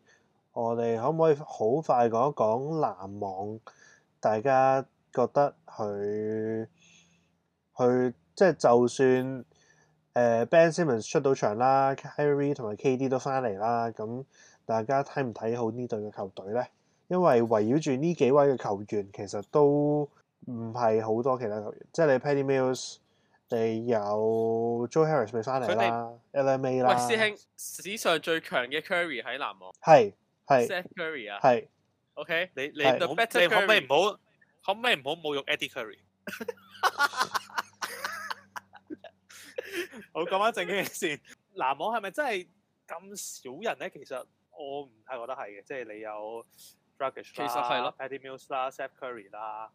我哋可唔可以好快講一講籃網？大家覺得佢佢即係就算。誒、uh, Ben Simmons 出到場啦，Harry 同埋 KD 都翻嚟啦，咁大家睇唔睇好呢隊嘅球隊咧？因為圍繞住呢幾位嘅球員，其實都唔係好多其他球員，即係你 Patty Mills，你有 Joe Harris 未翻嚟啦，LMA 啦。喂，師兄，史上最強嘅 Curry 喺籃網，係係。Seth Curry 啊，係是。OK，你你是 cur ry, 你可唔可以唔好？可唔可以唔好侮辱 Eddie Curry？ [LAUGHS] 好，講翻正經嘅事。籃網係咪真係咁少人咧？其實我唔係覺得係嘅，即係你有 Dragic 啦，Patty Mills 啦，Seth Curry 啦，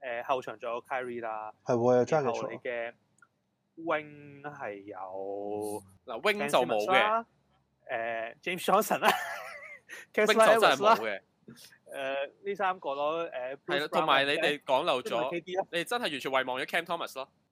誒後場仲有 Kyrie 啦，係喎，有 Dragic。然後你嘅 Wing 係有，嗱 Wing 就冇嘅，誒 James Johnson 啦，Wing 就真係冇嘅。誒呢三個咯，誒係啦，同埋你哋講漏咗 KD，你哋真係完全遺忘咗 Cam Thomas 咯。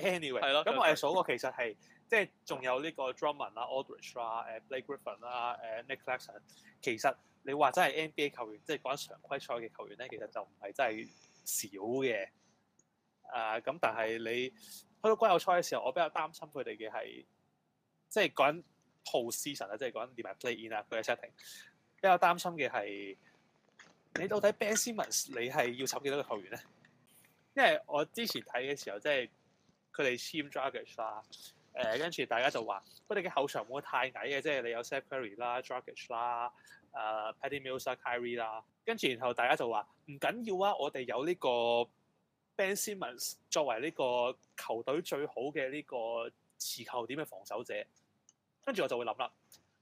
Anyway，係咯。咁我哋數過，其實係即係仲有呢個 Drummond 啊、Oderisha、啊、誒 b l a y Griffin 啦、誒 n i c k c l a x o n 其實你話真係 NBA 球員，即係講緊常規賽嘅球員咧，其實就唔係真係少嘅。啊，咁但係你去到季後賽嘅時候，我比較擔心佢哋嘅係即係講 position 啊，即係講連埋 play in 啊佢嘅 setting。比較擔心嘅係你到底 Ben Simmons，你係要炒幾多個球員咧？因為我之前睇嘅時候，即係佢哋簽 Dragic 啦、呃，誒跟住大家就話，佢哋嘅後場冇太矮嘅，即係你有 Steph Curry 啦、Dragic 啦、誒、呃、p a d d y Mills Kyrie 啦，跟住然後大家就話唔緊要啊，我哋有呢個 Ben Simmons 作為呢個球隊最好嘅呢個持球點嘅防守者，跟住我就會諗啦，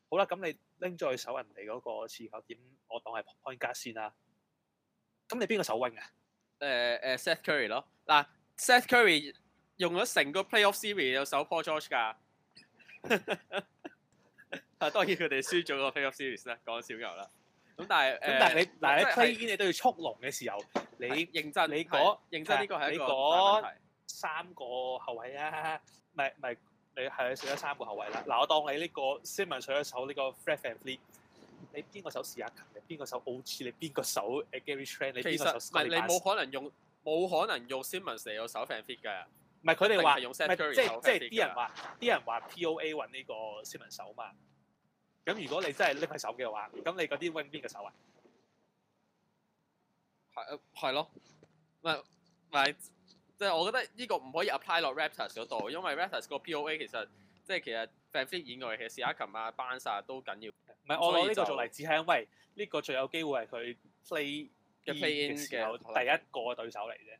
好啦，咁你拎咗去守人哋嗰個持球點，我當係 point 加先啦，咁你邊個守 w 啊？誒誒，Seth Curry 咯，嗱，Seth Curry 用咗成個 Playoff Series 有守 Paul George 噶，啊，當然佢哋輸咗個 Playoff Series 啦，講小牛啦，咁但係，咁但係你嗱，你飛邊你都要速龍嘅時候，你認真，你嗰認真，呢個係一個大問題。三個後衞啊，咪咪，你係選咗三個後衞啦，嗱，我當你呢個 Simmons 去守呢個 Fred VanVleet。你邊、欸、個手試下琴，你邊個手 O G？你邊個手 Gary Trent？你邊個手其實？唔係 ully 你冇可能用，冇可能用 Simmons 嚟個手 fit 嘅。唔係佢哋話用，e t 即係即係啲人話，啲人話 P O A 揾呢個 Simmons 手嘛。咁如果你真係拎佢手嘅話，咁你嗰啲揾邊個手啊？係係、呃、咯。唔係唔係，即、就、係、是、我覺得呢個唔可以 apply 落 Raptors 嗰度，因為 Raptors 個 P O A 其實即係其實。啲意外其實，阿琴啊，班薩都緊要。唔係，我攞呢個做例子係因為呢個最有機會係佢 play 嘅 play in 嘅第一個對手嚟啫。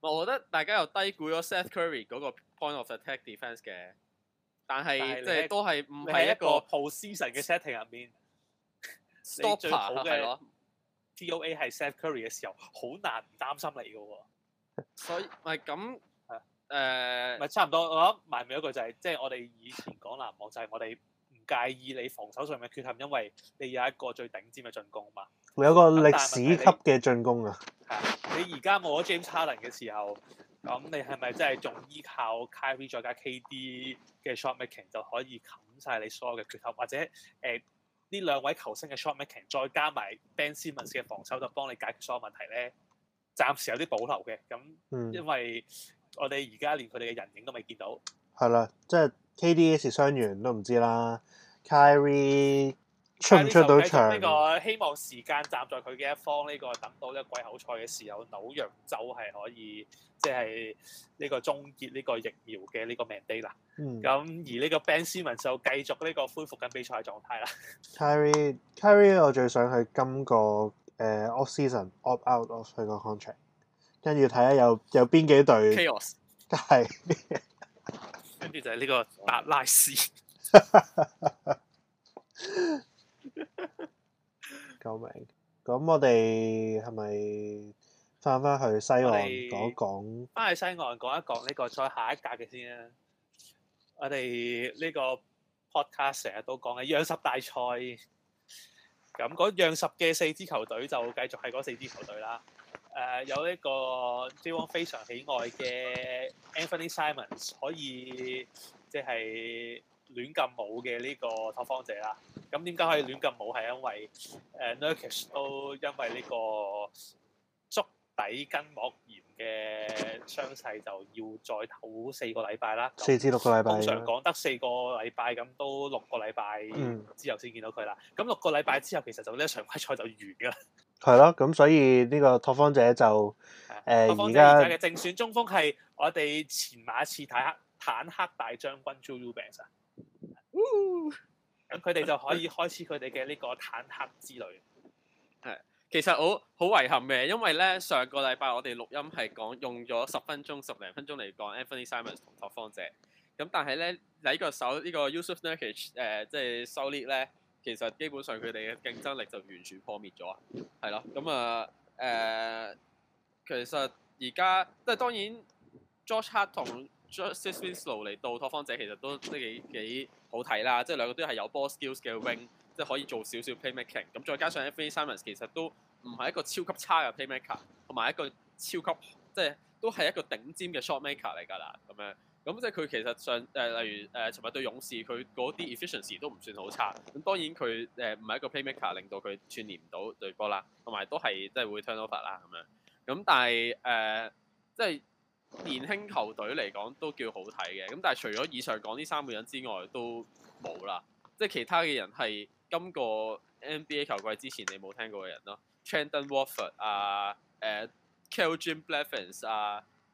唔係，我覺得大家又低估咗 Seth Curry 嗰個 point of attack defence 嘅。但係即係都係唔係一個 position 嘅 setting 入面，stopper 係咯。POA 係 Seth Curry 嘅時候，好難擔心你㗎喎。所以唔係咁。誒，咪、uh, 差唔多。我諗埋尾一句就係、是，即係我哋以前講籃網就係、是、我哋唔介意你防守上面嘅缺陷，因為你有一個最頂尖嘅進攻嘛。有個歷史級嘅進攻啊！係你而家冇咗 James Harden 嘅時候，咁、嗯、你係咪真係仲依靠 Kyrie 再加 KD 嘅 Shot Making 就可以冚晒你所有嘅缺陷？或者誒，呢、呃、兩位球星嘅 Shot Making 再加埋 Ben Simmons 嘅防守，就幫你解決所有問題咧？暫時有啲保留嘅，咁因為。嗯我哋而家連佢哋嘅人影都未見到，係啦，即係 KDS 傷員都唔知啦，Kyrie 出唔出到場，呢個希望時間站在佢嘅一方，呢個等到咧季後賽嘅時候，紐約就係可以即係呢個終結呢個疫苗嘅呢個命令啦。咁而呢個 Ben Simmons 就繼續呢個恢復緊比賽狀態啦。Kyrie，Kyrie 我最想去今、這個誒、呃、off season opt out of 佢個 contract。跟住睇下有有邊幾隊，都係跟住就係呢個達拉斯。救命！咁我哋係咪翻翻去西岸講講？翻去西岸講一講呢個再下一格嘅先啊！我哋呢個 podcast 成日都講嘅讓十大賽，咁嗰讓十嘅四支球隊就繼續係嗰四支球隊啦。誒、呃、有呢個 Jalen 非常喜愛嘅 Anthony Simons，可以即係亂咁舞嘅呢個拓荒者啦。咁點解可以亂咁舞？係因為誒 Nurkic 都因為呢個足底筋膜炎嘅傷勢，就要再唞四個禮拜啦。四至六個禮拜。通常講得四個禮拜，咁都六個禮拜之後先見到佢啦。咁、嗯、六個禮拜之後，其實就呢場常規賽就完㗎啦。係咯，咁所以呢個拓荒者就誒而家嘅正選中鋒係我哋前馬刺坦克大將軍 Joel Embiid 啊，咁佢哋就可以開始佢哋嘅呢個坦克之旅。係，其實我好遺憾嘅，因為咧上個禮拜我哋錄音係講用咗十分鐘十零分鐘嚟講 Anthony Simons 同拓荒者，咁但係咧喺個手、呢個 ic, 呃就是、呢個 Yusuf Nurkic 誒即係 Solid 咧。其實基本上佢哋嘅競爭力就完全破滅咗，啊，係咯，咁、呃、啊，誒、呃，其實而家即係當然，Josh Hart 同 Justise Winslow 嚟到拓荒者其實都即係幾好睇啦，即係兩個都係有 ball skills 嘅 wing，即係可以做少少 playmaking，咁再加上、Anfernee Simons 其實都唔係一個超級差嘅 playmaker，同埋一個超級即係都係一個頂尖嘅 shotmaker 嚟㗎啦，咁樣。咁、嗯、即係佢其實上誒、呃，例如誒，尋、呃、日對勇士，佢嗰啲 efficiency 都唔算好差。咁、嗯、當然佢誒唔係一個 playmaker，令到佢串聯唔到隊波啦，同埋都係即係會 turnover 啦咁樣。咁、嗯、但係誒、呃，即係年輕球隊嚟講都叫好睇嘅。咁但係除咗以上講呢三個人之外，都冇啦。即係其他嘅人係今個 NBA 球季之前你冇聽過嘅人咯，Trendon Watford 啊，誒 Keljin Blevins 啊。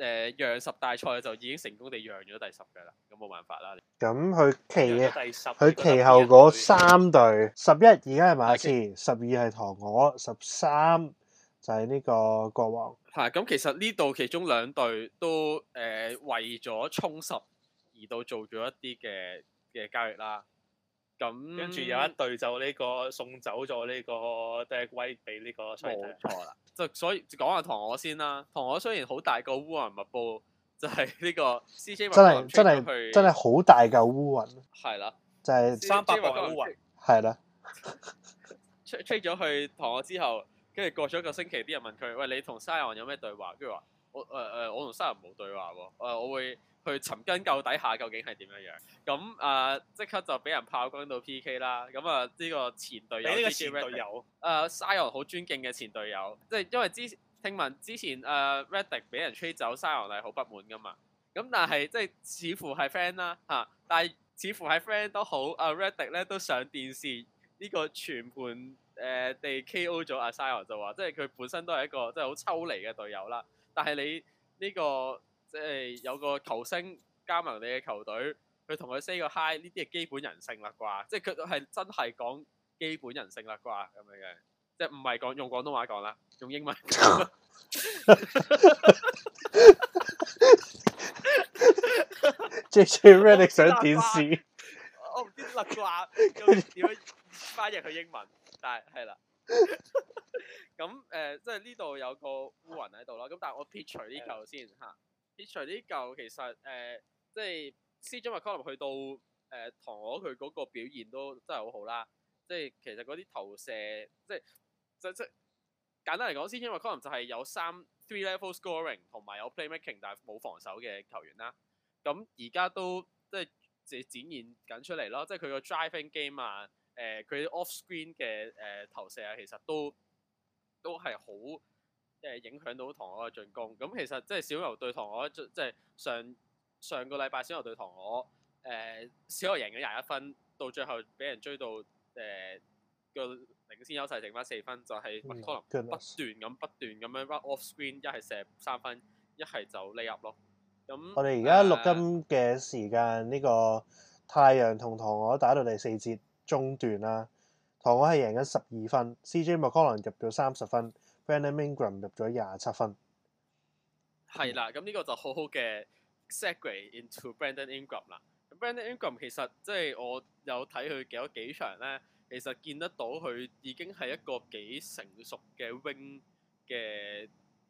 誒、呃、讓十大賽就已經成功地讓咗第十嘅啦，咁冇辦法啦。咁佢其佢其後嗰三隊，三隊十一而家係馬刺，的十二係塘鵝，十三就係呢個國王。係咁、啊，其實呢度其中兩隊都誒、呃、為咗衝十而到做咗一啲嘅嘅交易啦。咁跟住有一隊就呢、這個送走咗呢個德威俾呢個，冇錯啦。沒 就所以講下唐我先啦。唐我雖然好大個烏雲密布，就係、是、呢個 CJ 真係的真係是真係好大嚿烏雲。係啦，就係三百個烏雲。係啦。出出咗去唐我之後，跟住過咗一個星期，啲人問佢：喂，你同 Zion 有咩對話？跟住、呃呃、話：我誒誒，我同 Zion 冇對話喎。誒，我會。去尋根究底下究竟係點樣樣？咁誒即刻就俾人炮轟到 P.K. 啦！咁啊呢個前隊友呢個前隊友誒 Simmons 好尊敬嘅前隊友，即係因為之聽聞之前誒、呃、Redick 俾人 trade 走 Simmons 係好不滿噶嘛。咁、嗯、但係即係似乎係 friend 啦嚇、啊，但係似乎係 friend 都好誒、啊、Redick 咧都上電視呢、這個全盤誒地 K.O. 咗阿 Simmons 就話，即係佢本身都係一個即係好抽離嘅隊友啦。但係你呢、這個？即係有個球星加盟你嘅球隊，佢同佢 say 個 hi，呢啲係基本人性啦啩？即係佢係真係講基本人性啦啩咁樣嘅，即係唔係講用廣東話講啦，用英文。即係想點試，我唔知啦啩點樣翻譯佢英文，但係係啦。咁誒、即係呢度有個烏雲喺度啦，咁但係我撇除呢嚿先吓。除啲舊其實誒、呃，即係 C.J. 麥考林去到誒唐俄佢嗰個表現都真係好好啦。即係其實嗰啲投射，即係即即簡單嚟講，C.J. 麥考林就係有三 three level scoring 同埋有 playmaking，但係冇防守嘅球員啦。咁而家都即係自己展現緊出嚟咯。即係佢個 driving game 啊，誒、呃、佢 off screen 嘅誒、呃、投射啊，其實都都係好。即係影響到唐我嘅進攻咁，其實即係小牛對唐我，即係上上個禮拜小牛對唐我，誒、呃、小牛贏緊廿一分，到最後俾人追到誒個、呃、領先優勢剩翻四分，就係麥康倫不斷咁 Goodness. 不斷咁樣 run off screen，一係射三分，一係就 lay up 咯。咁我哋而家錄音嘅時間呢、uh, 個太陽同唐我打到第四節中段啦，唐我係贏緊十二分，C J 麥康倫入咗三十分。Brandon Ingram 入咗廿七分，係啦、嗯，咁呢、嗯、個就好好嘅 segue into Brandon Ingram 啦。Brandon Ingram 其實即係我有睇佢幾多幾場咧，其實見得到佢已經係一個幾成熟嘅 wing 嘅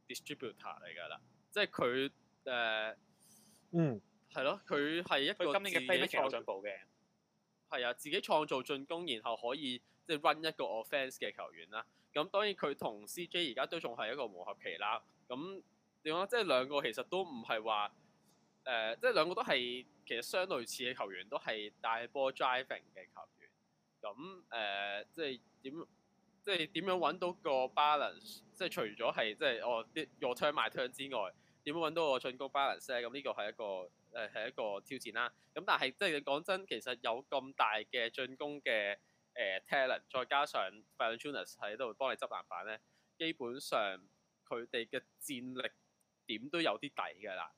distributor 嚟噶啦，即係佢誒，呃、嗯，係咯，佢係一個自己創進步嘅，係啊，自己創造進攻，嗯、進攻然後可以即係 run 一個 offense 嘅球員啦。咁當然佢同 CJ 而家都仲係一個磨合期啦。咁點講？即係兩個其實都唔係話誒，即係兩個都係其實相類似嘅球員，都係帶波 driving 嘅球員。咁誒、呃，即係點？即係點樣揾到個 balance？即係除咗係即係我啲 your turn my turn 之外，點樣揾到個進攻 balance 咧？咁呢個係一個誒係、呃、一個挑戰啦。咁但係即係你講真，其實有咁大嘅進攻嘅。誒、呃、talent 再加上 f a r e t r u n n s 喺度幫你執籃板咧，基本上佢哋嘅戰力點都有啲底㗎啦。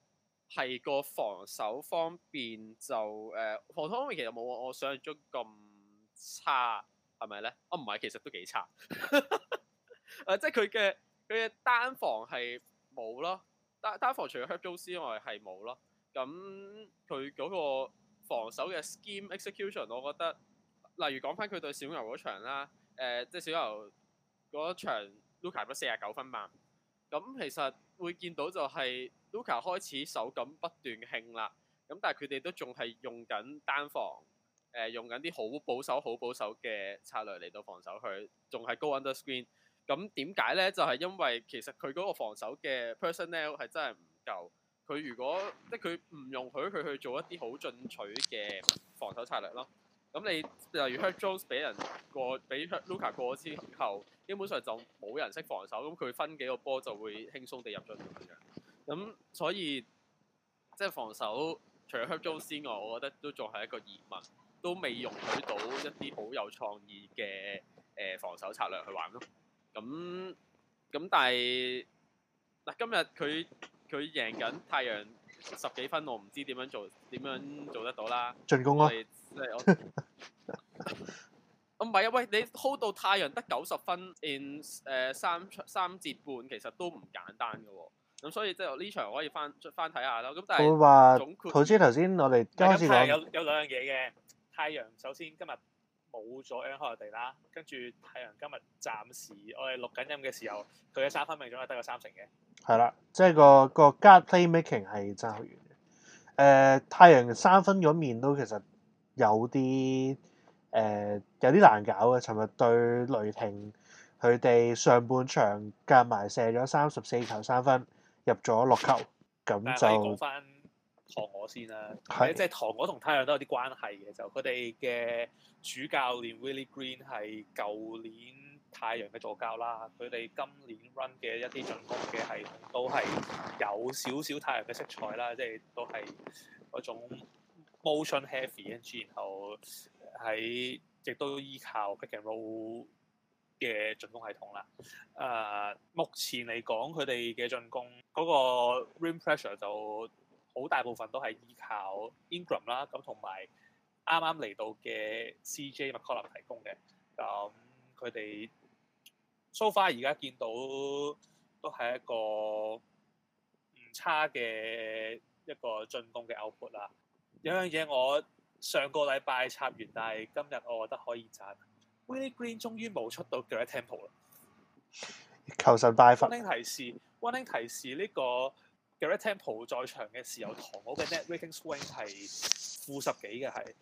係個防守方面就誒、呃、防守方面其實冇我想象中咁差係咪咧？我唔係，其實都幾差。誒、 [LAUGHS] 啊、即係佢嘅佢嘅單防係冇咯，單單防除咗 help 中之外係冇咯。咁佢嗰個防守嘅 scheme execution，我覺得。例如講翻佢對小牛嗰場啦，誒，即係小牛嗰場，Luka 都四十九分吧。咁其實會見到就係 Luka 開始手感不斷興啦。咁但係佢哋都仲係用緊單防，誒，用緊啲好保守、好保守嘅策略嚟到防守佢，仲係 go under screen。咁點解咧？就係因為其實佢嗰個防守嘅 personnel 係真係唔夠。佢如果即係佢唔容許佢去做一啲好進取嘅防守策略咯。咁你例如 Herb Jones 俾人過，俾 Herb Luka 過咗之後，基本上就冇人識防守，咁佢分幾個波就會輕鬆地入咗。咁樣。咁所以即係、就是、防守，除咗 Herb Jones 之外，我覺得都仲係一個疑問，都未容許到一啲好有創意嘅誒防守策略去玩咯。咁咁但係嗱，今日佢佢贏緊太陽十幾分，我唔知點樣做，點樣做得到啦？進攻咯、啊。即係我，唔係 [LAUGHS] [LAUGHS] 啊。喂，你 hold 到太陽得九十分，in 誒、呃、三三節半，其實都唔簡單㗎、哦。咁、嗯、所以即係呢場可以翻翻睇下啦。咁但係，我話總括頭先我哋一開始有有兩樣嘢嘅太陽。首先今日冇咗 uncle 地啦，跟住太陽今日暫時我哋錄緊音嘅時候，佢嘅三分命中係得個三成嘅。係啦，即、就、係、是那個個 guard play making 係真好遠嘅。誒、呃，太陽三分嗰面都其實。有啲誒、呃、有啲難搞嘅，尋日對雷霆佢哋上半場夾埋射咗三十四球三分，入咗六球，咁就講翻塘鵝先啦，的即係塘鵝同太陽都有啲關係嘅，就佢哋嘅主教練 Willie Green 係舊年太陽嘅助教啦，佢哋今年 run 嘅一啲進攻嘅系統都係有少少太陽嘅色彩啦，即係都係嗰種。Motion heavy 跟住，然後喺亦都依靠 Pick and Roll 嘅進攻系統啦。誒、呃，目前嚟講，佢哋嘅進攻嗰、那個 rim pressure 就好大部分都係依靠 Ingram 啦，咁同埋啱啱嚟到嘅 CJ McCollum 麥考林提供嘅。咁佢哋 so far 而家見到都係一個唔差嘅一個進攻嘅 output 啦。有樣嘢我上個禮拜插完，但係今日我覺得可以讚。Willie Green 終於冇出到 Garrett Temple 啦！求神拜佛。溫馨提示，溫馨提示，呢個 Garrett Temple 在場嘅時候，塘鵝嘅 Net Rating Swing 係負十幾嘅係。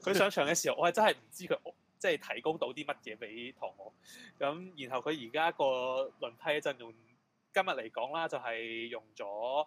佢 [LAUGHS] [LAUGHS] 上場嘅時候，我係真係唔知佢即係提供到啲乜嘢俾塘鵝。咁然後佢而家個輪替陣容，用今日嚟講啦，就係、是、用咗。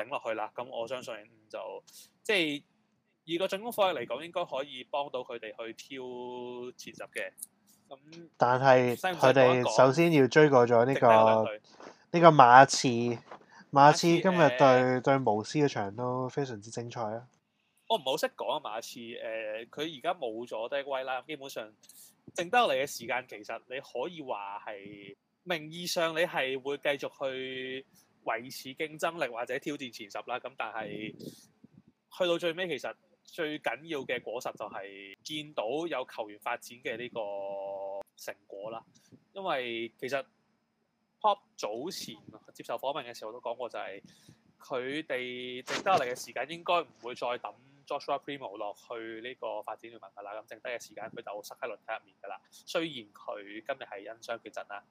整落去啦，咁我相信就即係以個進攻火力嚟講，應該可以幫到佢哋去挑前十嘅。咁、嗯、但係佢哋首先要追過咗呢、這個呢個馬刺，馬刺今日對、呃、對無斯嘅場都非常之精彩啊！我唔好識講啊，馬刺誒，佢而家冇咗戴威啦，基本上剩低嚟嘅時間，其實你可以話係名義上你係會繼續去。維持競爭力或者挑戰前十啦，咁但係去到最尾，其實最緊要嘅果實就係、是、見到有球員發展嘅呢個成果啦。因為其實 Pop 早前接受訪問嘅時候都講過、就是，就係佢哋剩得落嚟嘅時間應該唔會再抌 Joshua Primo 落去呢個發展聯盟嘅啦。咁剩低嘅時間佢就塞喺輪替入面㗎啦。雖然佢今日係因傷缺陣啦。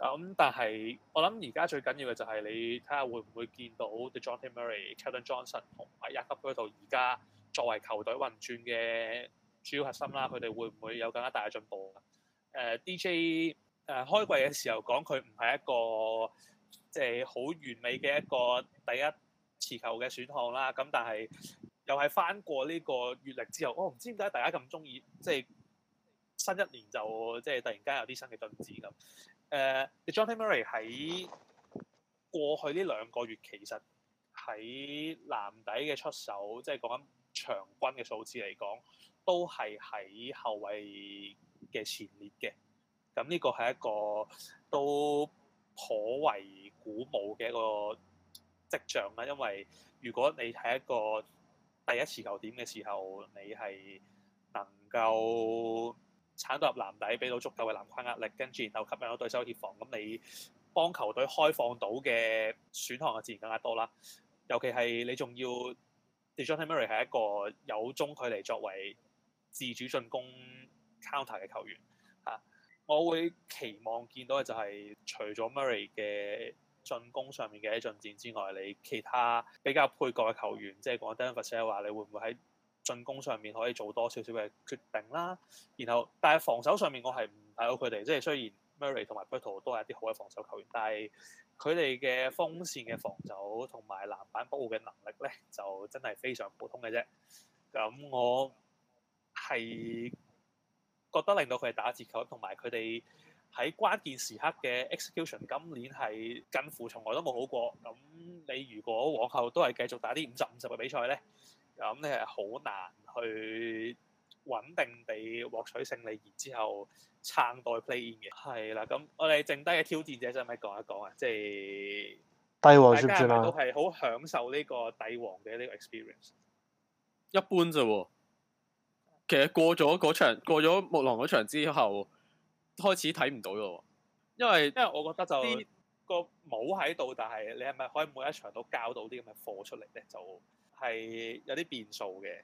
咁、嗯、但係我諗而家最緊要嘅就係你睇下會唔會見到 Dejounte Murray, Keldon Johnson 同埋 Jakob Poeltl 而家作為球隊運轉嘅主要核心啦，佢哋會唔會有更加大嘅進步 uh,？DJ 誒、uh, 開季嘅時候講佢唔係一個即係好完美嘅一個第一持球嘅選項啦，咁但係又係翻過呢個月曆之後，我、哦、唔知點解大家咁中意即係新一年就即係、就是、突然間有啲新嘅進展咁。誒、uh,，John Murray 喺過去呢兩個月，其實喺籃底嘅出手，即係講緊場均嘅數字嚟講，都係喺後衞嘅前列嘅。咁呢個係一個都頗為鼓舞嘅一個跡象啦。因為如果你係一個第一持球點嘅時候，你係能夠，鏟到入籃底，俾到足夠嘅籃框壓力，跟住然後吸引到對手協防，咁你幫球隊開放到嘅選項就自然更加多啦。尤其係你仲要 Dejounte Murray 係一個有中距離作為自主進攻 counter 嘅球員嚇、啊，我會期望見到嘅就係除咗 Murray 嘅進攻上面嘅一進展之外，你其他比較配角嘅球員，即係講 d o n a l r r 話，你會唔會喺？進攻上面可以做多少少嘅決定啦，然後但係防守上面我係唔睇好佢哋，即係雖然 Murray 同埋 Poeltl 都係一啲好嘅防守球員，但係佢哋嘅鋒線嘅防守同埋籃板保護嘅能力咧，就真係非常普通嘅啫。咁我係覺得令到佢哋打折扣，同埋佢哋喺關鍵時刻嘅 execution 今年係近乎從來都冇好過。咁你如果往後都係繼續打啲五十五十嘅比賽咧？咁你係好難去穩定地獲取勝利，然之後撐代 play in 嘅。係啦，咁我哋剩低嘅挑戰者，使唔使講一講啊？即係帝王接住啦。都係好享受呢個帝王嘅呢個 experience。一般咋喎、啊？其實過咗嗰場，過咗木狼嗰場之後，開始睇唔到咯。因為因為我覺得就這個冇喺度，但係你係咪可以每一場都交到啲咁嘅貨出嚟咧？就.係有啲變數嘅，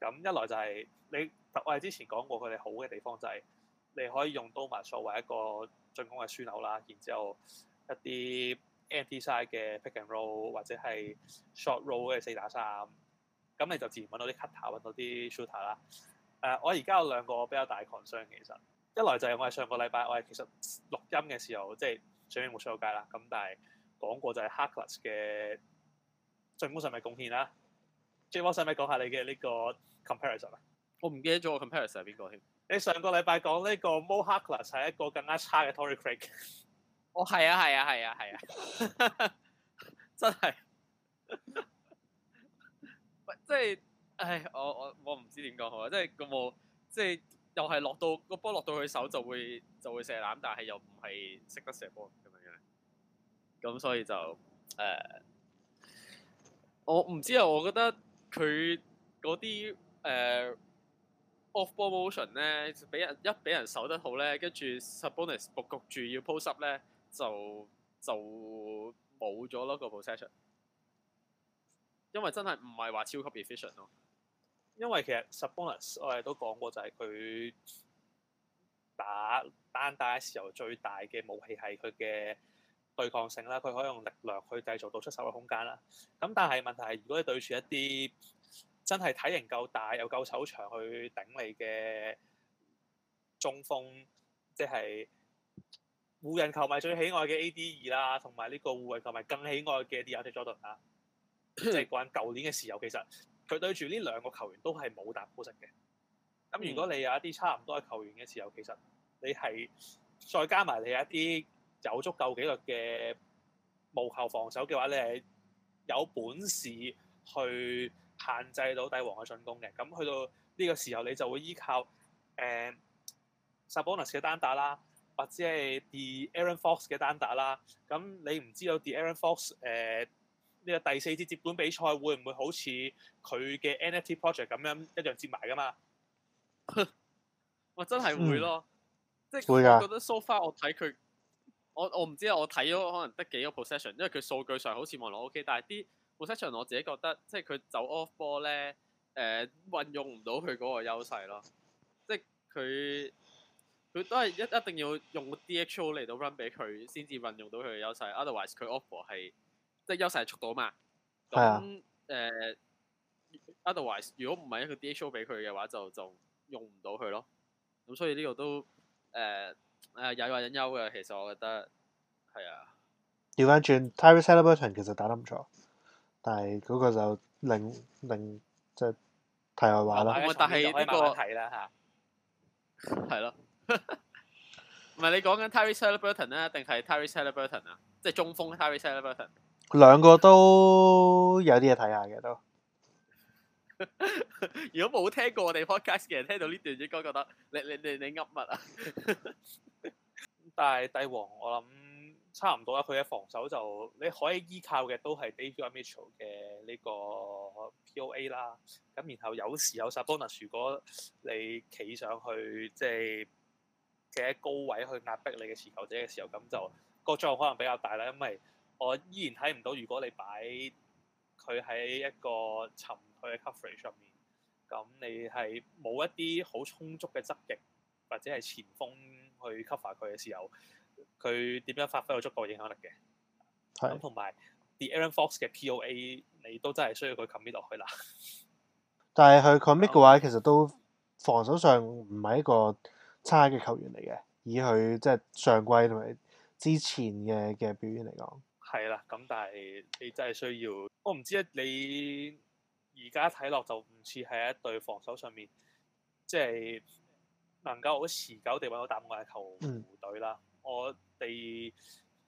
咁一來就係、是、你，我係之前講過佢哋好嘅地方就係、是、你可以用 Domas 作為一個進攻嘅樞紐啦，然之後一啲 anti-side 嘅 pick and roll 或者係 short roll 嘅四打三，咁你就自然揾到啲 cutter 揾到啲 shooter 啦。誒、呃，我而家有兩個比較大 concern 其實，一來就係我係上個禮拜我係其實錄音嘅時候即係上面冇出到街啦，咁但係講過就係 Harkless 嘅進攻上面貢獻啦。要要你我想士，咪講下你嘅呢個 comparison 啊！我唔記得咗個 comparison 係邊個添。你上個禮拜講呢個 Moe Harkless 係一個更加差嘅 Torrey Craig。哦，係啊，係啊，係啊，係啊， [LAUGHS] 真係是。 [LAUGHS] 即係，唉，我我我唔知點講好啊！即係個波，即係又係落到個波落到佢手就會就會射籃，但係又唔係識得射波咁樣樣。咁所以就誒、呃，我唔知啊，我覺得。佢嗰啲誒、呃、off-ball motion 咧，俾人一俾人守得好咧，跟住 Sabonis 焗住要 post-up 咧，就就冇咗咯個 possession 因為真係唔係話超級 efficient 咯、哦，因為其實 Sabonis 我哋都講過就係佢打單打嘅時候最大嘅武器係佢嘅。對抗性啦，佢可以用力量去製造到出手嘅空間啦。咁但係問題係，如果你對住一啲真係體型夠大、有夠手長去頂你嘅中鋒，即係湖人球迷最喜愛嘅 A.D. 二啦，同埋呢個湖人球迷更喜愛嘅 DeAndre Jordan 啦，即係關舊年嘅時候。其實佢對住呢兩個球員都係冇打補性嘅。咁如果你有一啲差唔多嘅球員嘅時候，其實你係再加埋你一啲。有足夠紀律嘅無效防守嘅話，你係有本事去限制到帝王嘅進攻嘅。咁去到呢個時候，你就會依靠誒 Sabonis 嘅單打啦，或者係 De'Aaron Fox 嘅單打啦。咁你唔知道 De'Aaron Fox 誒、呃、呢、這個第四節接管比賽會唔會好似佢嘅 NFT Project 咁樣一樣接埋噶嘛？ [LAUGHS] 我真係會咯，即係、嗯、的我覺得 So Far 我睇佢。我我唔知啊，我睇咗可能得幾個 possession 因為佢數據上好似望落 OK，但係啲 possession 我自己覺得，即係佢走 off ball 咧，誒、呃、運用唔到佢嗰個優勢咯。即係佢佢都係一一定要用 DHO 嚟到 run 俾佢先至運用到佢嘅優勢。Otherwise 佢 off ball 係即係優勢係速度啊嘛。咁誒，otherwise 如果唔係一個 DHO 俾佢嘅話，就就用唔到佢咯。咁所以呢個都誒。呃誒、呃，有話隱憂嘅，其實我覺得係啊。掉返轉，Tyrese Haliburton 其實打得唔錯，但係嗰個就另，令即係題外話啦、嗯。但係啦，這個，係咯。唔係你講緊 Tyrese Haliburton 咧，定係 Tyrese Haliburton 啊？即係、就是、中鋒 Tyrese Haliburton，兩個都有啲嘢，睇下嘅都。 [LAUGHS] 如果冇聽過我哋 podcast 嘅人聽到呢段，應該覺得你你你你噏乜啊？ [LAUGHS] [LAUGHS] 但係帝王我諗差唔多啦。佢嘅防守就你可以依靠嘅都係 Davion Mitchell 嘅呢個 POA 啦。咁然後有時有 Sabonis，如果你企上去，即係企喺高位去壓迫你嘅持球者嘅時候，咁就個作用可能比較大啦。因為我依然睇唔到，如果你擺佢喺一個沉。佢嘅 coverage 上面，咁你係冇一啲好充足嘅側翼或者係前鋒去 cover 佢嘅時候，佢點樣發揮到足夠影響力嘅？係咁同埋，The Aaron Fox 嘅 POA 你都真係需要佢 commit 落去啦。但係佢 commit 嘅話，嗯、其實都防守上唔係一個差嘅球員嚟嘅，以佢即係上季同埋之前嘅嘅表演嚟講。係啦，咁但係你真係需要，我唔知你。而家睇落就唔似係一隊防守上面，即係能夠好持久地揾到答案嘅球隊啦。嗯、我哋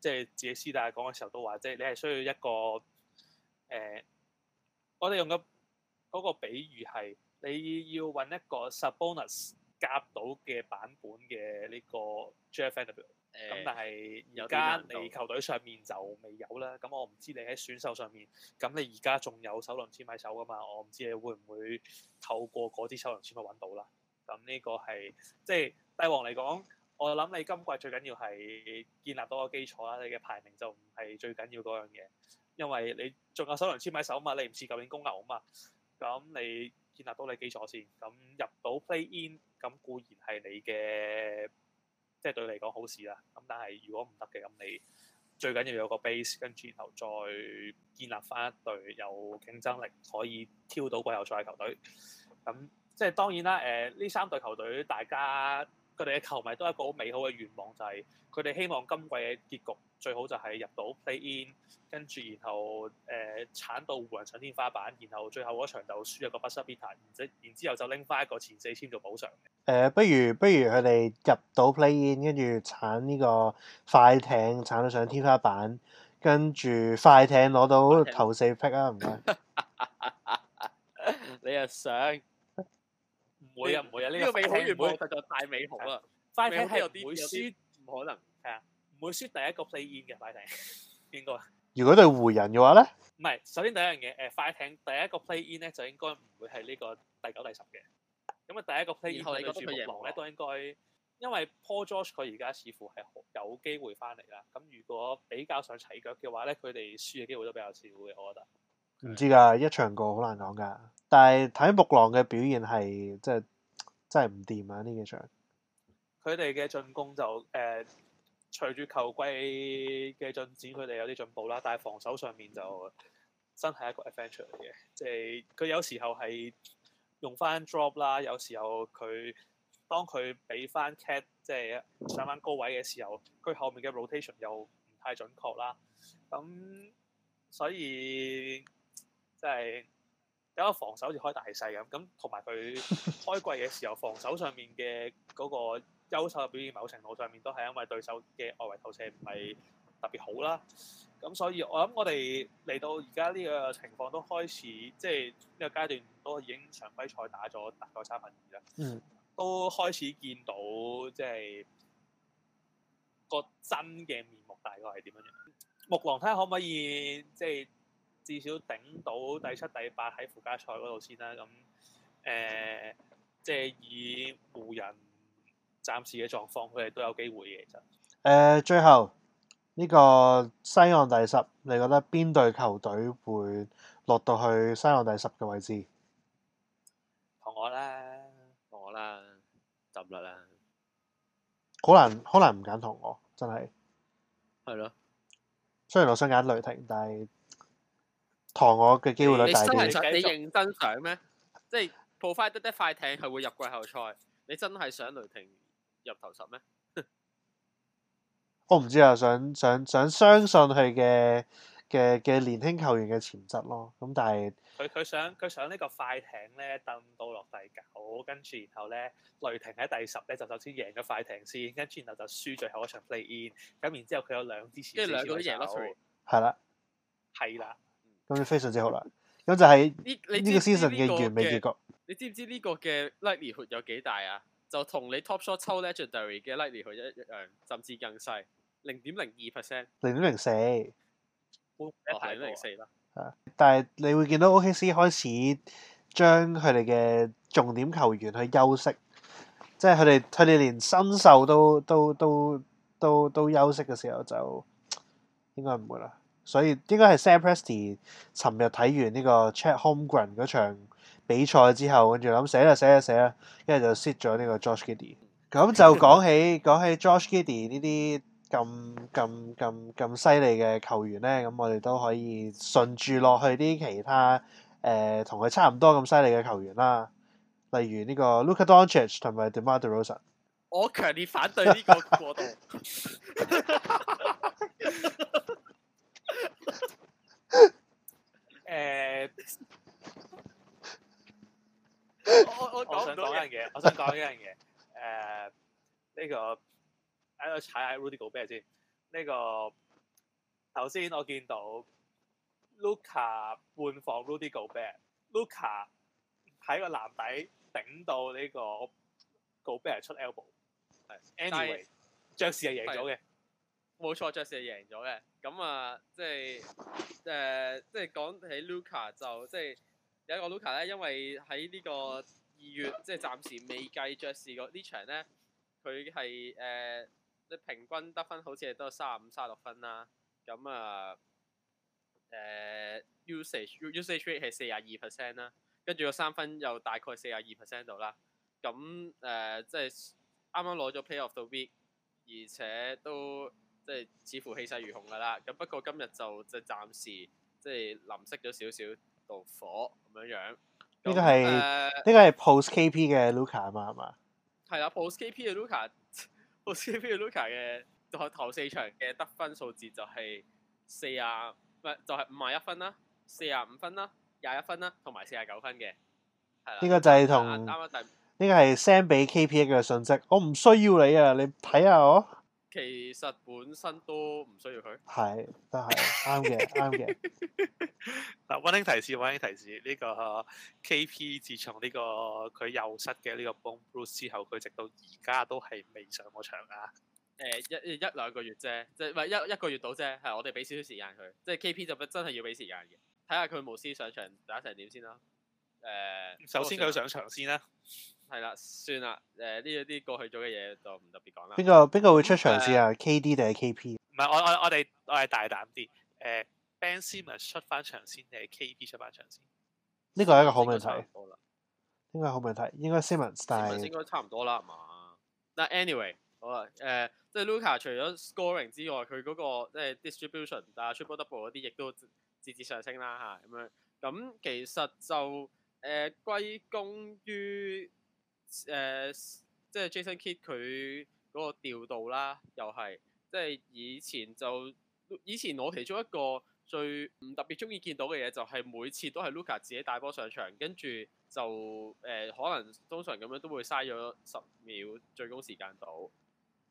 即係自己私底下講嘅時候都話，即係你係需要一個誒、呃、我哋用個個比喻係你要揾一個 Sabonis 夾到嘅版本嘅呢個 j f w 咁但係而家你球隊上面就未有啦，咁我唔知你喺選秀上面，咁你而家仲有首輪簽買手㗎嘛？我唔知你會唔會透過嗰啲首輪簽去揾到啦。咁呢個係即係帝王嚟講，我諗你今季最緊要係建立多個基礎啦。你嘅排名就唔係最緊要嗰樣嘢，因為你仲有首輪簽買手嘛。你唔似舊年公牛啊嘛。咁你建立到你基礎先，咁入到 play in，咁固然係你嘅。即係對你嚟講好事啦，咁但係如果唔得嘅，咁你最緊要有個 base，跟住然後再建立翻一隊有競爭力可以挑到季後賽嘅球隊。咁、嗯、即係當然啦，誒、呃、呢三隊球隊大家。佢哋嘅球迷都係一個好美好嘅願望，就係佢哋希望今季嘅結局最好就係入到 play in，跟住然後誒鏟、呃、到湖人上天花板，然後最後嗰場就輸入個 buzzer beater 然之然後就拎翻一個前四簽做補償。誒、呃，不如不如佢哋入到 play in，跟住鏟呢個快艇鏟到上天花板，嗯、跟住快艇攞到艇頭四 pick 啊，唔該。 [LAUGHS] 你係想？唔會啊！唔會啊！呢個美好完唔會就太美好啦。快艇係會輸唔可能，係啊，唔會輸第一個 play in 嘅快艇。應該，如果係湖人嘅話咧，唔係首先第一樣嘢，誒，快艇第一個 play in 咧就應該唔會係呢個第九第十嘅。咁啊，第一個 play in 以後你覺得佢贏咧都應該，因為 Paul George 佢而家似乎係好有機會翻嚟啦。咁如果比較想齊腳嘅話咧，佢哋輸嘅機會都比較少嘅，我覺得。唔知㗎，一場過好難講㗎。但係睇木狼嘅表現係即係真係唔掂啊！呢幾場，佢哋嘅進攻就誒、呃、隨住球季嘅進展，佢哋有啲進步啦。但係防守上面就真係一個 adventure 嚟嘅，即係佢有時候係用翻 drop 啦，有時候佢當佢俾翻 cat 即係上翻高位嘅時候，佢後面嘅 rotation 又唔太準確啦。咁所以即係。就是有個防守好似開大細咁，咁同埋佢開季嘅時候，防守上面嘅嗰個優秀表現，某程度上面都係因為對手嘅外圍投射唔係特別好啦。咁所以，我諗我哋嚟到而家呢個情況都開始，即係呢個階段都已經常規賽打咗大概三分二啦，都開始見到即係、就是、個真嘅面目大概係點樣。木狼睇下可唔可以即係？就是至少頂到第七、第八喺附加賽嗰度先啦。咁誒、呃，即係以湖人暫時嘅狀況，佢哋都有機會嘅。其實、呃、最後呢、呢個西岸第十，你覺得邊隊球隊會落到去西岸第十嘅位置？同我啦，同我啦，執、就、律、是、啦，好難，好難唔揀同我，真係係咯。的雖然我想揀雷霆，但係。唐我嘅機會率大啲。你真係想？你認真想咩？ [LAUGHS] 即係 provided the 快艇係會入季後賽。你真係想雷霆入頭十咩？ [LAUGHS] 我唔知啊！想想想，想相信佢嘅嘅嘅年輕球員嘅潛質咯。咁但係佢佢想佢想呢個快艇咧，登到落第九，跟住然後咧，雷霆喺第十咧，就首先贏咗快艇先，跟住然後就輸最後一場 play in 次次。咁然之後佢有兩支，即係兩個都贏咗。係啦的。係啦的。咁就非常之好啦，咁就係呢呢個 season 嘅完美結局。你知唔知呢個嘅 likelihood 有幾大啊？就同你 top shot 抽 legendary 嘅 likelihood 一一樣，甚至更細，零點零二 percent，零點零四，哦係零點零四啦。係，但係你會見到 O.K.C、OK、開始將佢哋嘅重點球員去休息，即係佢哋佢哋連新秀都都都都都休息嘅時候就應該唔會啦。所以應該係 Sam Presti 尋日睇完呢個 Chet Holmgren 嗰場比賽之後，跟住諗寫啦，寫啦，寫啦，跟住就 sit 咗呢個 Josh Giddey。咁 [LAUGHS] 就講起講起 Josh Giddey 呢啲咁咁咁咁犀利嘅球員咧，咁我哋都可以順住落去啲其他誒同佢差唔多咁犀利嘅球員啦，例如呢個 Luka Doncic 同埋 DeMar DeRozan [LAUGHS] 我強烈反對呢個過度。 [LAUGHS] [LAUGHS] 誒，我我我想講一樣嘢，我想講一樣嘢。誒，呢個喺度踩下 Rudy Gobert 先。呢個頭先我見到 Luka 半防 Rudy Gobert，Luka 喺個籃底頂到呢個 Gobert 出 elbow。係，anyway，爵士係贏咗嘅。冇錯，爵士係贏咗嘅。咁啊，即係誒、呃，即係講起 Luka 就即係有一個 Luka 咧，因為喺呢個二月，即係暫時未計爵士個呢場咧，佢係誒，你、呃、平均得分好似係都三十五、三十六分啦。咁啊，誒、呃、usage usage rate 係四十二 percent 啦，跟住個三分又大概四十二 percent 度啦。咁誒、啊，即係啱啱攞咗 Play of the Week，而且都。即係似乎氣勢如虹㗎喇，咁不過今日就暫即係暫時即係淋熄咗少少爐火咁樣樣。呢個係呢、呃、個係 post KP 嘅 Luka 啊嘛，係嘛？係啦，post KP 嘅 Luka，post KP 嘅 Luka 嘅就頭四場嘅得分數字就係四啊，唔、呃、就係五啊一分啦，四啊五分啦，廿一分啦，同埋四啊九分嘅。呢個就係同呢個係 send 俾 KP 嘅訊息，我唔需要你啊，你睇下我。其實本身都唔需要佢 [LAUGHS] ，係都係啱嘅，啱嘅、 [LAUGHS] 嗯。嗱溫馨提示，溫馨提示，呢、這個 K P 自從呢、這個佢右膝嘅呢個 bone bruise 之後，佢直到而家都係未上過場啊。誒、嗯，一一兩個月啫，即係唔、嗯、一一個月到啫？係我哋俾少少時間佢，即係 K P 就真係要俾時間嘅。睇下佢無私上場打成點先啦。誒、呃，首先佢要上場先啦、啊。 [LAUGHS] 係啦，算啦，誒呢一啲過去咗嘅嘢就唔特別講啦。邊個邊個會出長線啊？KD 定係 KP？唔係，我我我哋我係大膽啲，誒、呃、b a n Simmons 出翻長線定係 KP 出翻長線？呢個係一個好問題。應該好問題，應該 Simmons 但係應該差唔多啦，係嘛？嗱，Anyway，好啊，誒、呃，即係 Luka 除咗 scoring 之外，佢嗰個即係 distribution、double double 嗰啲亦都節節上升啦吓，咁、啊、樣。咁其實就誒歸、呃、功於。誒、呃，即係 Jason Kidd 佢嗰個調度啦，又係即係以前就以前我其中一個最唔特別中意見到嘅嘢，就係每次都係 Luka 自己帶波上場，跟住就誒、呃、可能通常咁樣都會嘥咗十秒最高時間到。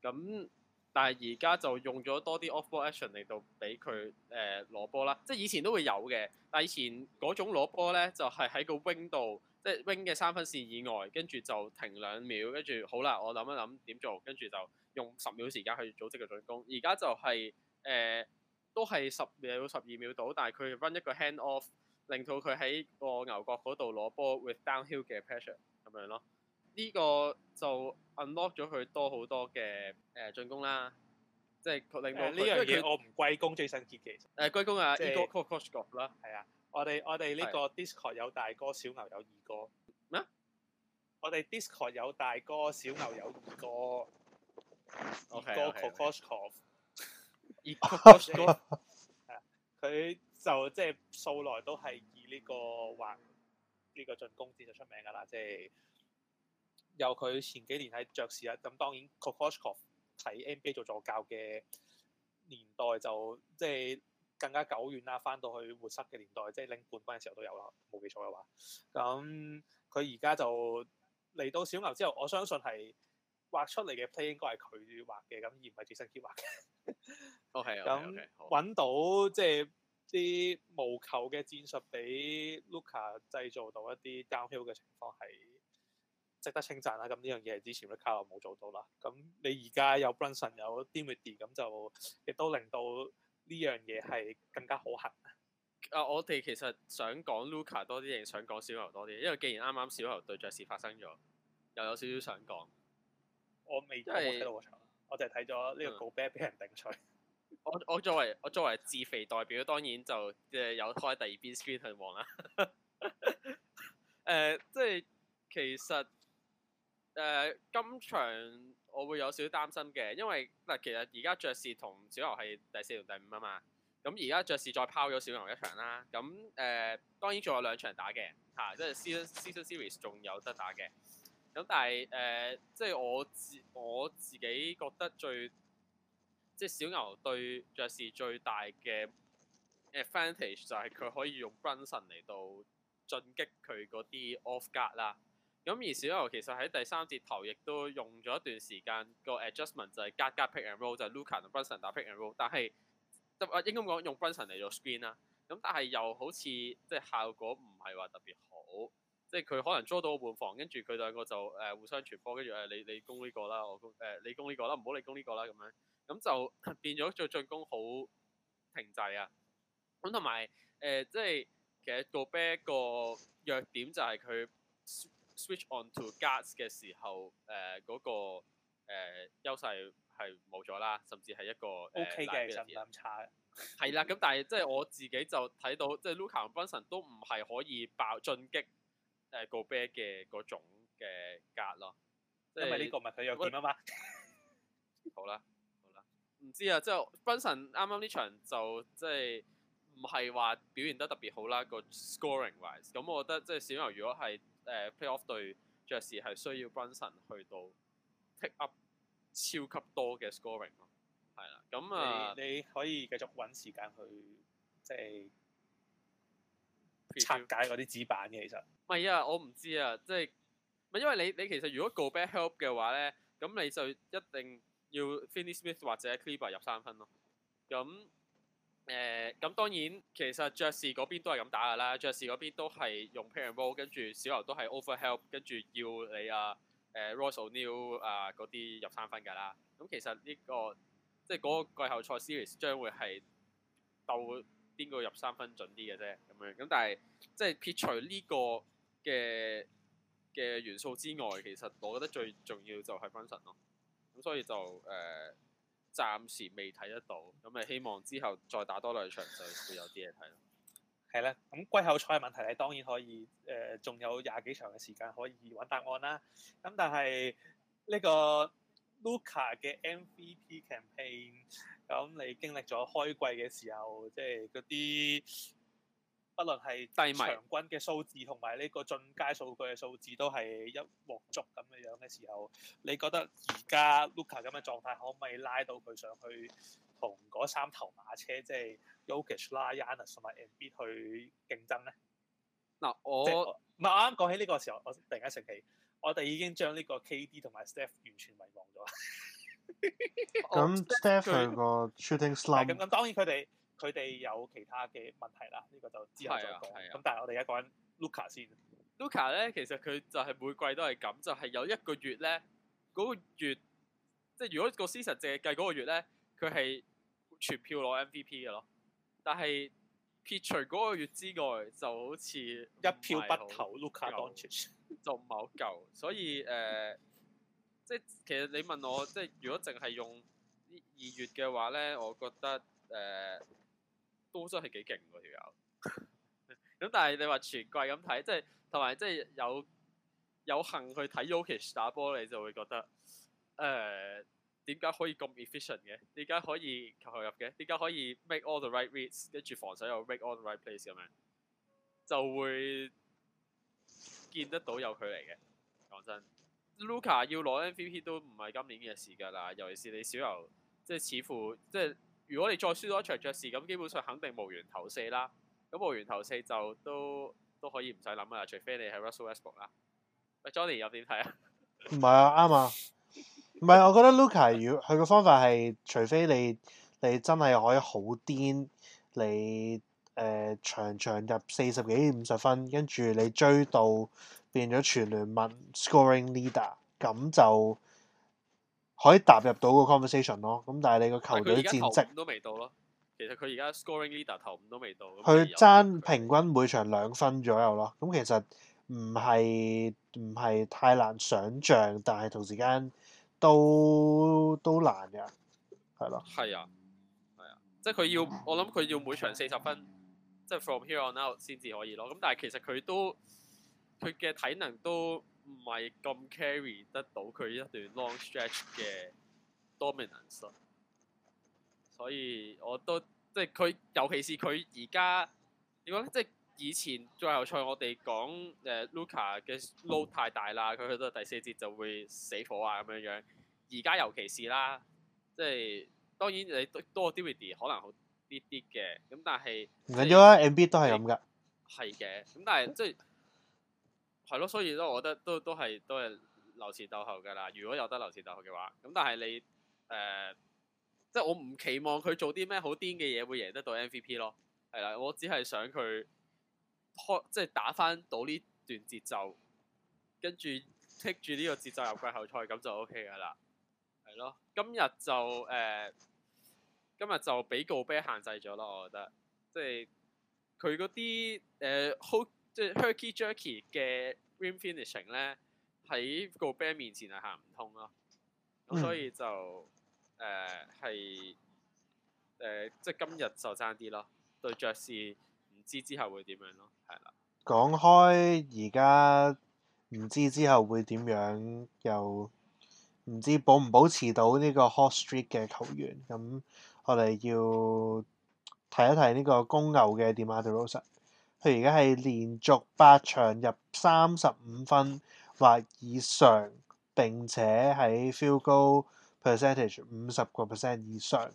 咁但係而家就用咗多啲 off ball action 嚟到俾佢誒攞波啦，即係以前都會有嘅，但係以前嗰種攞波呢，就係、是、喺個 wing 度。即係 wing 嘅三分線以外，跟住就停兩秒，跟住好啦，我諗一諗點做，跟住就用十秒時間去組織個進攻。而家就係、是、誒、呃，都係十秒、十二秒到，但係佢 run 一個 hand off，令到佢喺個牛角嗰度攞波 with downhill 嘅 pressure 咁樣咯。呢、這個就 unlock 咗佢多好多嘅誒、呃、進攻啦，即係令到呢樣嘢我唔歸功 Jason Kidd 嘅，誒歸功啊 Igor Kokoskov 啦，係即啊。我哋我哋呢個 Discord 有大哥，小牛有二哥咩？我哋 Discord 有大哥，小牛有二哥，二麼哥科佛斯科，小牛有二哥，佢就即係素來都係以呢、這個話呢、這個進攻先就出名噶啦，即、就、係、是、由佢前幾年喺爵士啦，咁當然科佛斯科喺 NBA 做助教嘅年代就即係。就是就是就是更加久遠啦，翻到去活塞嘅年代，即係拎冠軍嘅時候都有啦，冇記錯嘅話。咁佢而家就嚟到小牛之後，我相信係畫出嚟嘅 play 應該係佢畫嘅，咁而唔係傑森基畫嘅。哦，係啊。咁揾到即係啲無球嘅戰術，俾 Luka 製造到一啲 downhill 嘅情況係值得稱讚啦。咁、嗯、呢樣嘢係之前 Carlisle 冇做到啦。咁、嗯、你而家有 Brunson 有 Dinwiddie 咁就亦都令到。呢樣嘢係更加好核。啊！我哋其實想講 Luka 多啲，定想講小牛多啲？因為既然啱啱小牛對爵士發生咗，又有少少想講。我未真係睇到個場，我就係睇咗呢個告啤俾人頂取、嗯。 [LAUGHS] 我我作為我作為自肥代表，當然就誒有開第二邊 screen 去望啦。誒，即係其實誒、呃，今場。我會有少少擔心嘅，因為嗱，其實而家爵士同小牛係第四同第五啊嘛，咁而家爵士再拋咗小牛一場啦，咁誒、呃、當然仲有兩場打嘅，嚇、啊，即係 season season series 仲有得打嘅，咁但係誒、呃，即係我自我自己覺得最即係小牛對爵士最大嘅 advantage 就係佢可以用 Brunson 嚟到進擊佢嗰啲 off guard 啦。咁而小牛其實喺第三節頭亦都用咗一段時間個 adjustment 就係加隔 pick and roll 就係 Luka 同 Brunson 打 pick and roll，但係得啊應該講用 Brunson 嚟做 spin 啦。咁但係又好似即係效果唔係話特別好，即係佢可能捉到個換防，跟住佢兩個就誒、呃、互相傳波，跟住誒你你攻呢個啦，我攻、呃、你攻呢個啦，唔好你攻呢個啦咁樣。咁就變咗做進攻好停滯啊。咁同埋誒即係其實個 b a r 個弱點就係佢。Switch on to guards 嘅時候，誒、呃、嗰、那個誒、呃、優勢係冇咗啦，甚至係一個、呃、OK 嘅的，就唔咁差。係啦，咁但係即係我自己就睇到，即、就、係、是、Luka 和 Brunson 都唔係可以爆進擊誒、呃、g o b a c 嘅嗰種嘅格咯，就是、因為呢個問題有幾啊嘛。好啦，好啦，唔知啊，即、就、係、是、Brunson 啱啱呢場就即係唔係話表現得特別好啦，個 scoring wise。咁我覺得即係小牛如果係。誒 playoff 對爵士係需要 Brunson 去到 take up 超級多嘅 scoring 咯，係啦，咁啊，你你可以繼續揾時間去即係拆解嗰啲紙板嘅其實，唔係啊，我唔知啊，即係唔係因為你你其實如果 go back help 嘅話咧，咁你就一定要 Finney-Smith 或者 Kleber 入三分咯，咁。誒咁、呃、當然，其實爵士嗰邊都係咁打噶啦，爵士嗰邊都係用 pick and roll，跟住小牛都係 overhelp，跟住要你啊誒、呃、Royce O'Neale 啊嗰啲入三分噶啦。咁、嗯、其實呢個即係嗰個季後賽 series 將會係鬥邊個入三分準啲嘅啫，咁樣。咁但係即係撇除呢個嘅嘅元素之外，其實我覺得最重要就係 function 咯。咁所以就誒。呃暫時未睇得到，咁咪希望之後再打多兩場就會有啲嘢睇咯。係啦，咁季後賽嘅問題，你當然可以誒，仲、呃、有廿幾場嘅時間可以揾答案啦。咁但係呢個 Luka 嘅 MVP campaign，咁你經歷咗開季嘅時候，即係嗰啲。不論係場均嘅數字同埋呢個進階數據嘅數字都係一鑊足咁嘅樣嘅時候，你覺得而家 Luka 咁嘅狀態可唔可以拉到佢上去同嗰三頭馬車即係 Jokic 啦 Yanis 同埋 Embiid 去競爭咧？嗱，我唔係我啱啱講起呢個時候，我突然間醒起，我哋已經將呢個 KD 同埋 Steph 完全遺忘咗。咁 [LAUGHS] [LAUGHS] Steph 個 shooting、um、slump 咁咁，當然佢哋。佢哋有其他嘅問題啦，呢、這個就之後再講。咁但係我哋而家講緊 Luka 先。Luka 咧，其實佢就係每季都係咁，就係、是、有一個月咧，嗰、那個月即係如果個 season 淨係計嗰個月咧，佢係全票攞 MVP 嘅咯。但係撇除嗰個月之外，就好似一票不投 Luka 當選， [LAUGHS] 就唔係好夠。所以誒、呃，即係其實你問我，即係如果淨係用二月嘅話咧，我覺得誒。呃高真係幾勁喎條友，咁 [LAUGHS] 但係你話全季咁睇，即係同埋即係有有，有幸去睇 Jokic 打波，你就會覺得誒點解可以咁 efficient 嘅？點解可以求其入嘅？點解可以 make all the right reads 跟住防守又 make all the right plays 咁樣，就會見得到有距離嘅。講真，Luka 要攞 MVP 都唔係今年嘅事㗎啦。尤其是你小牛，即係似乎，即係。如果你再輸多一場爵士，咁基本上肯定無緣頭四啦。咁無緣頭四就都都可以唔使諗啦，除非你係 Russell Westbrook、ok、啦。喂、哎、，Johnny 有點睇啊？唔係啊，啱啊。唔係，我覺得 Luka 要佢個方法係，除非你你真係可以好癲，你誒場場入四十幾五十分，跟住你追到變咗全聯盟 scoring leader，咁就。可以踏入到個 conversation 咯，咁但係你個球隊戰績都未到咯。其實佢而家 scoring leader 頭五都未到。佢爭平均每場兩分左右咯。咁其實唔係唔係太難想象，但係同時間都都難嘅，係咯。係啊，係啊，即係佢要我諗佢要每場四十分，即係 [LAUGHS] from here on out 先至可以咯。咁但係其實佢都佢嘅體能都。唔係咁 carry 得到佢一段 long stretch 嘅 dominance，所以我都即係佢，尤其是佢而家點講即係以前季後賽我哋講誒、呃、Luka 嘅 load 太大啦，佢、嗯、去到第四節就會死火啊咁樣樣。而家尤其是啦，即係當然你多，多 Dinwiddie 可能好啲啲嘅，咁但係唔緊要啊是，MB 都係咁噶。係嘅，咁但係即係。係咯，所以咧，我覺得都都係都係留前鬥後噶啦。如果有得留前鬥後嘅話，咁但係你誒、呃，即係我唔期望佢做啲咩好癲嘅嘢，會贏得到 MVP 咯。係啦，我只係想佢開即係打翻到呢段節奏，跟住 keep 住呢個節奏入季後賽，咁就 OK 噶啦。係咯，今日就誒、呃，今日就俾告啤限制咗啦。我覺得，即係佢嗰啲誒好。呃即係 Herky-Jerky 嘅 Rim Finishing 咧，喺個 band 面前係行唔通咯，咁 [NOISE] 所以就誒係誒，即係今日就爭啲咯。對爵士唔知之後會點樣咯，係啦。講開而家唔知之後會點樣，又唔知保唔保持到呢個 Hot Street 嘅球員。咁我哋要睇一睇呢個公牛嘅 DeMar DeRozan 佢而家係連續八場入三十五分或以上，並且喺 field goal percentage 五十個 percent 以上，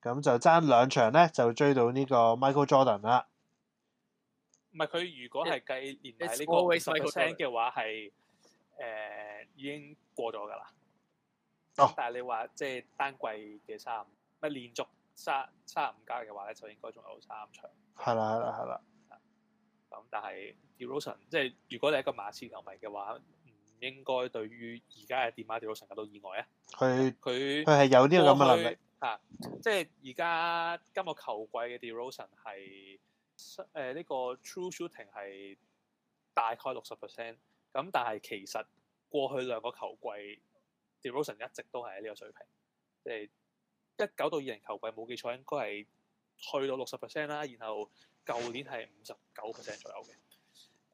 咁就爭兩場咧就追到呢個 Michael Jordan 啦。唔係佢如果係計連埋呢個 percent 嘅話，係、呃、誒已經過咗噶啦。哦，但係你話即係單季嘅三唔咪連續三三五加嘅話咧，就應該仲有三場。係、嗯、啦，係啦，係啦。咁但係 DeRozan，即係如果你係一個馬刺球迷嘅話，唔應該對於而家嘅電話 DeRozan 感到意外啊！佢佢佢係有呢啲咁嘅能力吓，即係而家今個球季嘅 DeRozan 係誒呢、呃這個 true shooting 係大概六十 percent，咁但係其實過去兩個球季 DeRozan 一直都係喺呢個水平，即係一九到二零球季冇記錯應該係去到六十 percent 啦，然後。舊年係五十九個 percent 左右嘅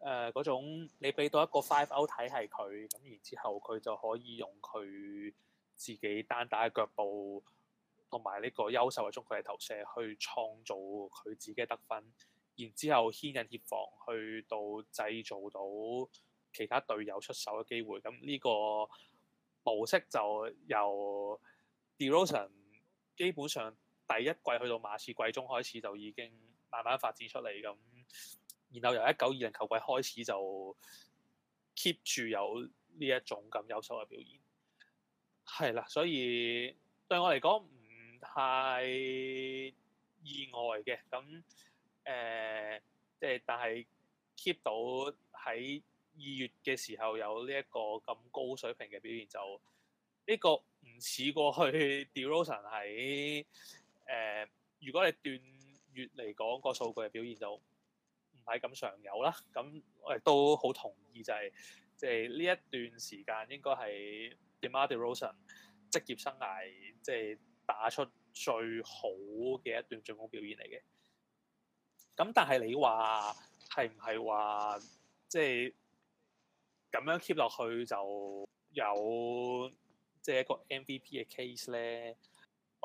誒嗰種，你俾到一個 five O 體系佢咁，然之後佢就可以用佢自己單打嘅腳步同埋呢個優秀嘅中距離投射去創造佢自己嘅得分，然之後牽引協防去到製造到其他隊友出手嘅機會。咁呢個模式就由 DeRozan 基本上第一季去到馬刺季中開始就已經。慢慢發展出嚟咁，然後由一九二零球季開始就 keep 住有呢一種咁優秀嘅表現係啦。所以對我嚟講唔太意外嘅。咁誒即係，但係 keep 到喺二月嘅時候有呢一個咁高水平嘅表現就呢、這個唔似過去 DeRozan 喺誒，如果你斷。月嚟講個數據嘅表現就唔係咁常有啦，咁我亦都好同意就係、是，即係呢一段時間應該係 DeMar DeRozan 職業生涯即係、就是、打出最好嘅一段進攻表現嚟嘅。咁但係你話係唔係話即係咁樣 keep 落去就有即係、就是、一個 MVP 嘅 case 咧？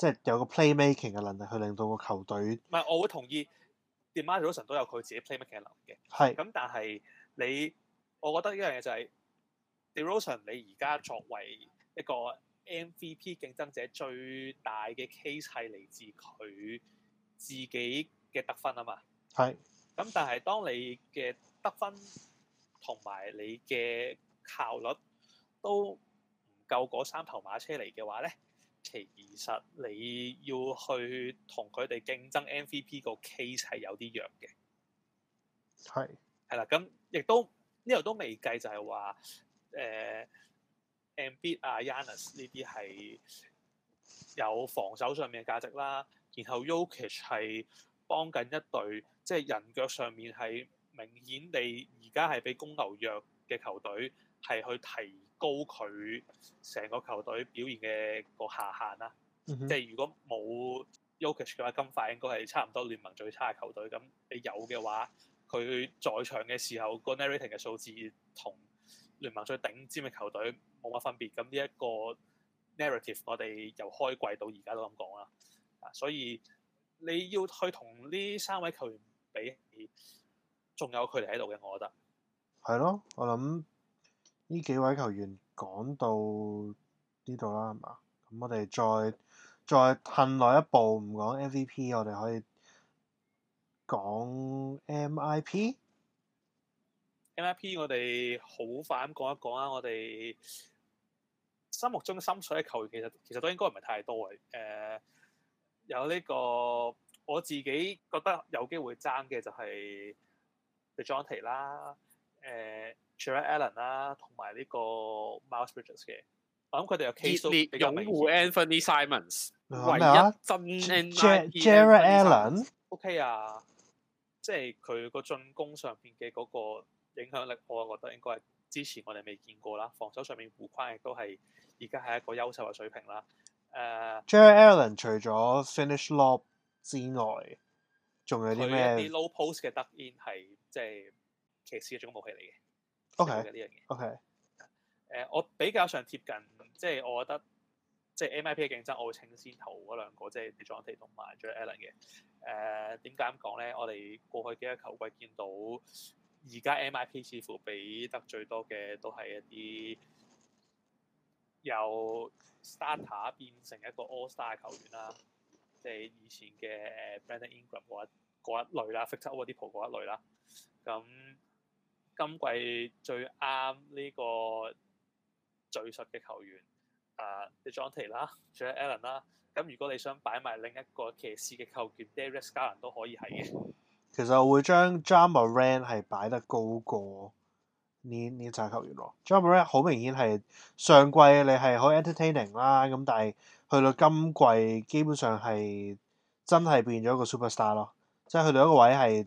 即係有個 playmaking 嘅能力去令到個球隊，唔係我會同意，DeMar DeRozan 都有佢自己 playmaking 嘅能力。係是，咁、嗯、但係你，我覺得一樣嘢就係 DeRozan 你而家作為一個 MVP 競爭者，最大嘅 case 係嚟自佢自己嘅得分啊嘛。係是，咁、嗯、但係當你嘅得分同埋你嘅效率都唔夠嗰三頭馬車嚟嘅話咧。其實你要去同佢哋競爭 MVP 是、這個 case 係有啲弱嘅，係係啦。咁、呃、亦都呢度都未計就係話誒 Embiid 啊 Giannis 呢啲係有防守上面嘅價值啦。然後 Jokic 係幫緊一隊，即、就、係、是、人腳上面係明顯地而家係比公牛弱嘅球隊係去提高佢成個球隊表現嘅個下限啦，嗯、哼即係如果冇 Jokic 嘅話，金塊應該係差唔多聯盟最差嘅球隊。咁你有嘅話，佢在場嘅時候個 net rating 嘅數字同聯盟最頂尖嘅球隊冇乜分別。咁呢一個 narrative，我哋由開季到而家都咁講啦。啊，所以你要去同呢三位球員比起，仲有佢哋喺度嘅，我覺得。係咯，我諗。呢幾位球員講到呢度啦，係嘛？咁我哋再再褪嚟一步，唔講 MVP，我哋可以講 MIP。MIP 我哋好快咁講一講啊！我哋心目中心水嘅球員其實其實都應該唔係太多嘅。誒、呃，有呢、這個我自己覺得有機會爭嘅就係 Dejounte 啦，誒、呃。Jared Allen 啦，同埋呢個 Miles Bridges 嘅，我諗佢哋有激烈擁護 Anthony Simons，唯一真 Jarrett Allen，OK 啊，即係佢個進攻上邊嘅嗰個影響力，我覺得應該係之前我哋未見過啦。防守上面護框亦都係而家係一個優秀嘅水平啦。誒，Jarrett Allen 除咗 finish lob 之外，仲有啲咩？一啲 low post 嘅 dunk in 係即係騎士嘅一種武器嚟嘅。OK。OK。誒，我比較上貼近，即係我覺得，即係 MIP 競爭，我會請先投嗰兩個，即係 Jared T 同埋 j a r e l l e n 嘅。誒，點解咁講咧？我哋過去幾多球季見到，而家 MIP 似乎比得最多嘅都係一啲由 s t a r t e 變成一個 all star 嘅球員啦。即係以前嘅誒 Brandon Ingram 嗰一一類啦 f i x t o r w o o t p a 嗰一類啦，咁。今季最啱呢個敍述嘅球員啊，Dejounte 啦，仲有 Allen 啦。咁如果你想擺埋另一個騎士嘅球員 [MUSIC] Darius Garland 都可以係嘅。其實我會將 Ja Morant 係擺得高過呢呢三球員咯。Ja Morant 好明顯係上季你係可以 entertaining 啦，咁但係去到今季基本上係真係變咗一個 superstar 咯，即係去到一個位係。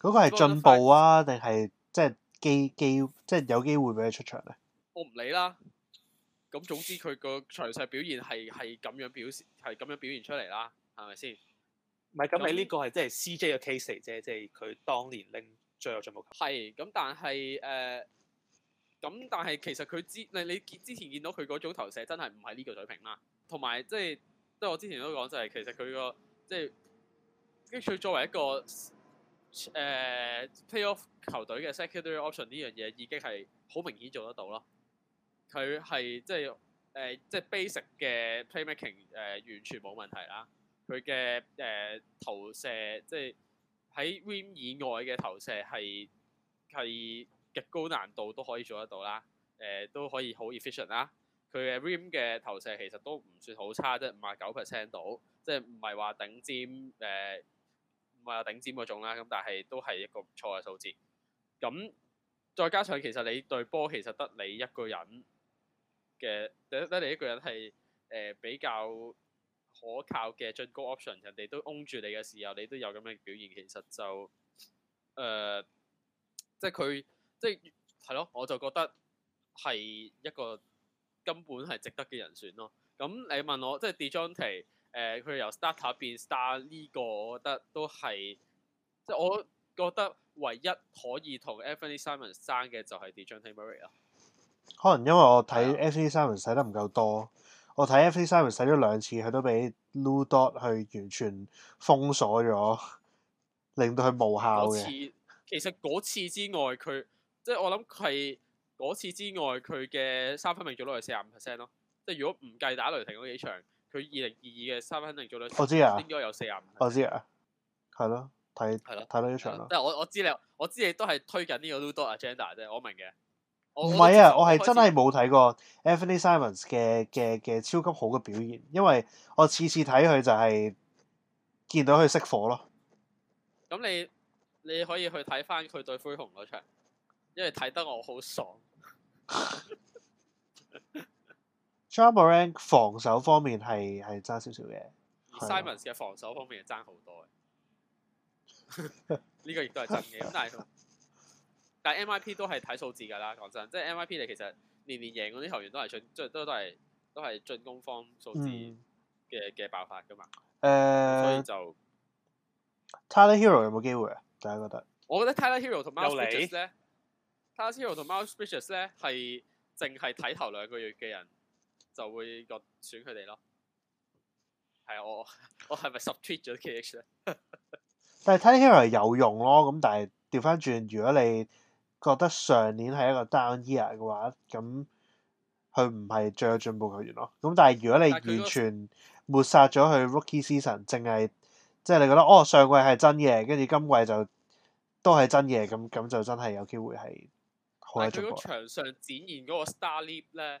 嗰個係進步啊，定係即係機機，即係有機會俾佢出場咧。我唔理啦。咁總之佢個場上表現係係咁樣表示，係咁樣表現出嚟啦，係咪先？唔係咁，係呢個係即係 CJ 嘅 case 啫，即係佢當年拎最有進步球。係咁，但係誒、咁、呃、但係其實佢之你你之前見到佢嗰組投射真係唔係呢個水平啦。同埋即係，即係我之前都講就係，其實佢個即係，跟住佢作為一個。誒、uh, playoff 球隊嘅 secondary option 呢樣嘢已經係好明顯做得到咯，佢係即係、就、誒、是、即係、uh, basic 嘅 playmaking 誒、uh, 完全冇問題啦。佢嘅誒投射即係喺 rim 以外嘅投射係係極高難度都可以做得到啦。誒、uh, 都可以好 efficient 啦。佢嘅 rim 嘅投射其實都唔算好差，即係五呀九 percent 到，即係唔係話頂尖誒。Uh, 啊頂尖嗰種啦，咁但係都係一個唔錯嘅數字。咁再加上其實你對波，其實得你一個人嘅，得你一個人係誒、呃、比較可靠嘅進攻 option，人哋都擁住你嘅時候，你都有咁嘅表現。其實就誒、呃，即係佢即係係咯，我就覺得係一個根本係值得嘅人選咯。咁你問我即係 Dejounte。誒佢、呃、由 start 變 star 呢個，我覺得都係即係我覺得唯一可以同 Anfernee Simons 爭嘅就係 Dejounte Murray 啦。可能因為我睇 Anfernee Simons 使得唔夠多，嗯、我睇 Anfernee Simons 使咗兩次，佢都俾 Lu Dort 去完全封鎖咗，令到佢無效嘅。其實嗰次之外，佢即係我諗係嗰次之外，佢嘅三分命中率係四十五 percent 咯。即係如果唔計打雷霆嗰幾場。佢二零二二嘅三分定做咗，我知啊，應該有四廿五，我知啊，係咯，睇係咯，睇到一場咯。但係我我知你，我知你都係推緊呢個 Luka agenda 啫，我明嘅。唔係啊，我係真係冇睇過 Anthony Simons 嘅嘅嘅超級好嘅表現，因為我次次睇佢就係見到佢熄火咯。咁你你可以去睇翻佢對灰熊嗰場，因為睇得我好爽。 [LAUGHS] Jabraank 防守方面係係爭少少嘅， 而 Simons 嘅防守方面係爭好多嘅。呢個亦都係真嘅。但係，但係 MIP 都係睇數字㗎啦。講真，即係 MIP 你其實年年贏嗰啲球員都係進進都都係都係進攻方數字嘅嘅、嗯、爆發㗎嘛。誒、呃，所以就 Tyler Hero 有冇機會啊？大家覺得，我覺得 Tyler Hero 同 Miles 咧來，Tyler Hero 同 Miles Bridges 咧係淨係睇頭兩個月嘅人。 [LAUGHS] [LAUGHS] 就會個選佢哋咯。係我 [LAUGHS] 我係咪 subtreat 咗 kh 咧？但係睇起 a 有用咯，咁但係調翻轉，如果你覺得上年係一個 down year 嘅話，咁佢唔係最有進步球員咯。咁但係如果你完全抹殺咗佢 rookie season，淨係即係你覺得哦上季係真嘅，跟住今季就都係真嘅，咁咁就真係有機會係好喺。咗場上展現個 star leap 咧。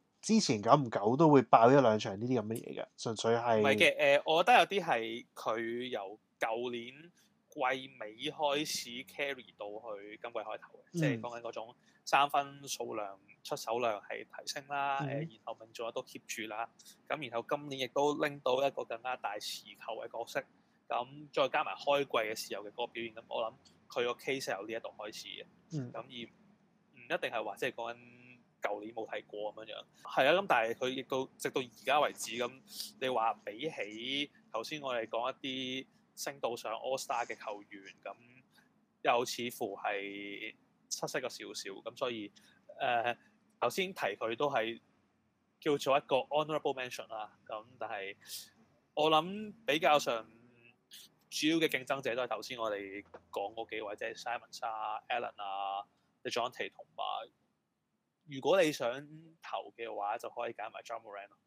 之前久唔久都會爆一兩場呢啲咁嘅嘢嘅，純粹係唔係嘅？誒、呃，我覺得有啲係佢由舊年季尾開始 carry 到去今季開頭嘅，嗯、即係講緊嗰種三分數量出手量係提升啦。誒、嗯呃，然後命中率都 keep 住啦。咁然後今年亦都拎到一個更加大持球嘅角色。咁再加埋開季嘅時候嘅嗰個表現，咁我諗佢個 case 係由呢一度開始嘅。嗯。咁而唔一定係話即係講緊。就是舊年冇睇過咁樣樣，係啊，咁但係佢亦到直到而家為止，咁你話比起頭先我哋講一啲升到上 All Star 嘅球員，咁又似乎係失色咗少少，咁所以誒頭先提佢都係叫做一個 honorable mention 啦，咁但係我諗比較上主要嘅競爭者都係頭先我哋講嗰幾位，即係 Simon 啊、Allen 啊、Dejounte 同埋。如果你想投嘅話，就可以揀埋 Ja Morant 咯，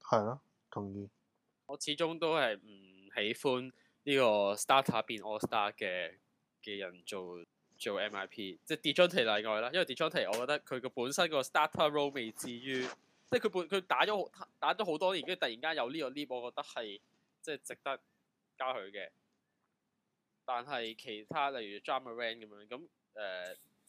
係咯，同意。我始終都係唔喜歡呢個 starter 變 all star 嘅嘅人做做 M I P，即係 Dejounte 例外啦，因為 Dejounte 我覺得佢個本身個 starter role 未至於，即係佢本佢打咗打咗好多年，跟住突然間有呢個 lift，我覺得係即係值得加佢嘅。但係其他例如 Ja Morant 咁樣咁誒。呃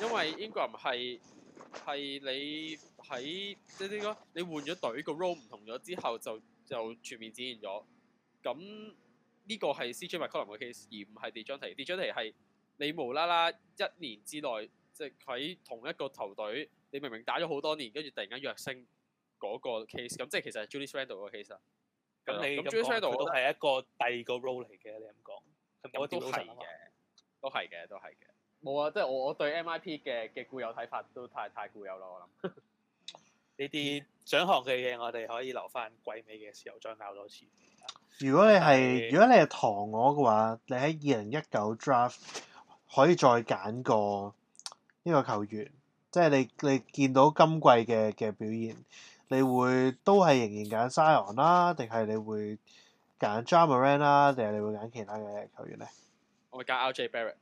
因為 Ingram 係係你喺即係呢個，你換咗隊、那個 role 唔同咗之後就，就就全面展現咗。咁呢個係 CJ l 考林嘅 case，而唔係 Dionte。Dionte 係你無啦啦一年之內，即係喺同一個球隊，你明明打咗好多年，跟住突然間躍升嗰個 case。咁即係其實係 Julius Randle 嘅 case 你。咁你咁 Julius Randle 都係一個第二個 role 嚟嘅，你咁講，我都係嘅，都係嘅，都係嘅。冇啊！即係我我對 MIP 嘅嘅固有睇法都太太固有啦，我諗呢啲想學嘅嘢，我哋可以留翻鬼尾嘅時候再拗多次。如果你係是如果你係唐我嘅話，你喺二零一九 draft 可以再揀個呢個球員，即係你你見到今季嘅嘅表現，你會都係仍然揀 Zion 啦，定係你會揀 Ja Morant 啦，定係你會揀其他嘅球員咧？我會揀 RJ Barrett。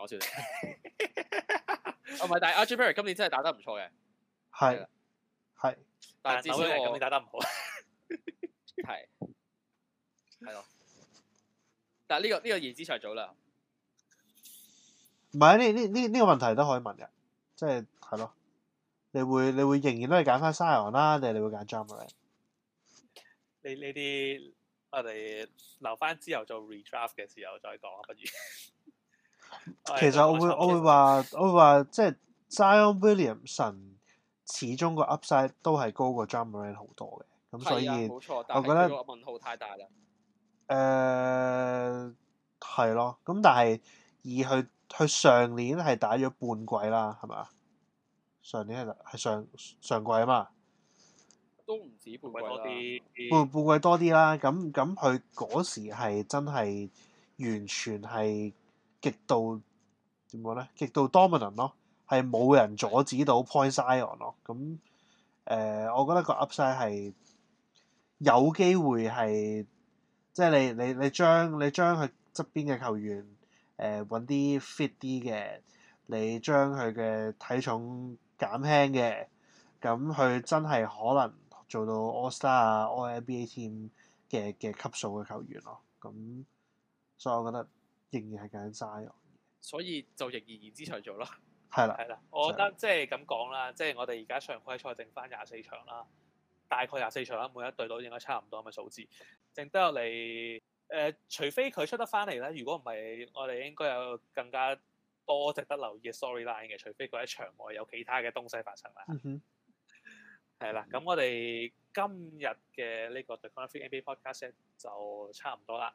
講笑、， [LAUGHS] 哦，唔係，但係阿 RJ Barrett 今年真係打得唔錯嘅，係是，係、嗯，但係至少我、嗯呃、今年打得唔好， [LAUGHS] 係，係咯，但係、這、呢個呢、這個言之尚早啦，唔係呢呢呢呢個問題都可以問噶，即係係咯，你會你會仍然都係揀翻 Zion 啦，定係你會揀 Ja Morant 咧？你呢啲我哋留翻之後做 redraft 嘅時候再講，不如。其實我會其實我會話我會話即係 Zion Williamson [LAUGHS] [LAUGHS] 始終個 Upside 都係高過 Ja Morant 好多嘅，咁所以、啊、但我覺得問號太大啦。誒係、呃、咯，咁但係而佢佢上年係打咗半季啦，係咪啊？上年係係上上季啊嘛，都唔止半季多啲，半半季多啲、嗯、啦。咁咁佢嗰時係真係完全係。極度點講咧？極度 dominant 咯，係冇人阻止到 point Zion 咯。咁、嗯、誒、呃，我覺得個 upside 係有機會係，即係你你你將你將佢側邊嘅球員誒揾啲 fit 啲嘅，你將佢嘅、呃、體重減輕嘅，咁、嗯、佢真係可能做到 All Star 啊，All NBA team 嘅嘅級數嘅球員咯。咁、嗯、所以我覺得。仍然係咁樣嘥，所以就仍然言之常做咯。係啦，係啦，我覺得即係咁講啦，的即係我哋而家常規賽剩翻廿四場啦，大概廿四場啦，每一隊都應該差唔多咁嘅、那個、數字，剩得落嚟誒，除非佢出得翻嚟咧，如果唔係，我哋應該有更加多值得留意嘅 storyline 嘅，除非佢喺場外有其他嘅東西發生啦。係啦，咁我哋今日嘅呢個 The Corner 3 NBA Podcast 就差唔多啦。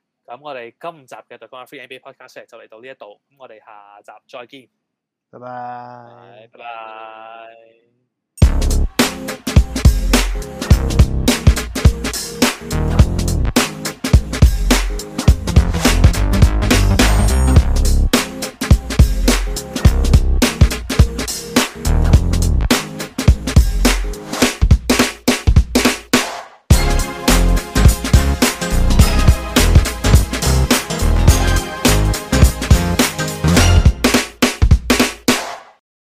咁我哋今集嘅對方 Free NBA Podcast 就嚟到呢一度，咁我哋下集再見，拜拜，拜拜。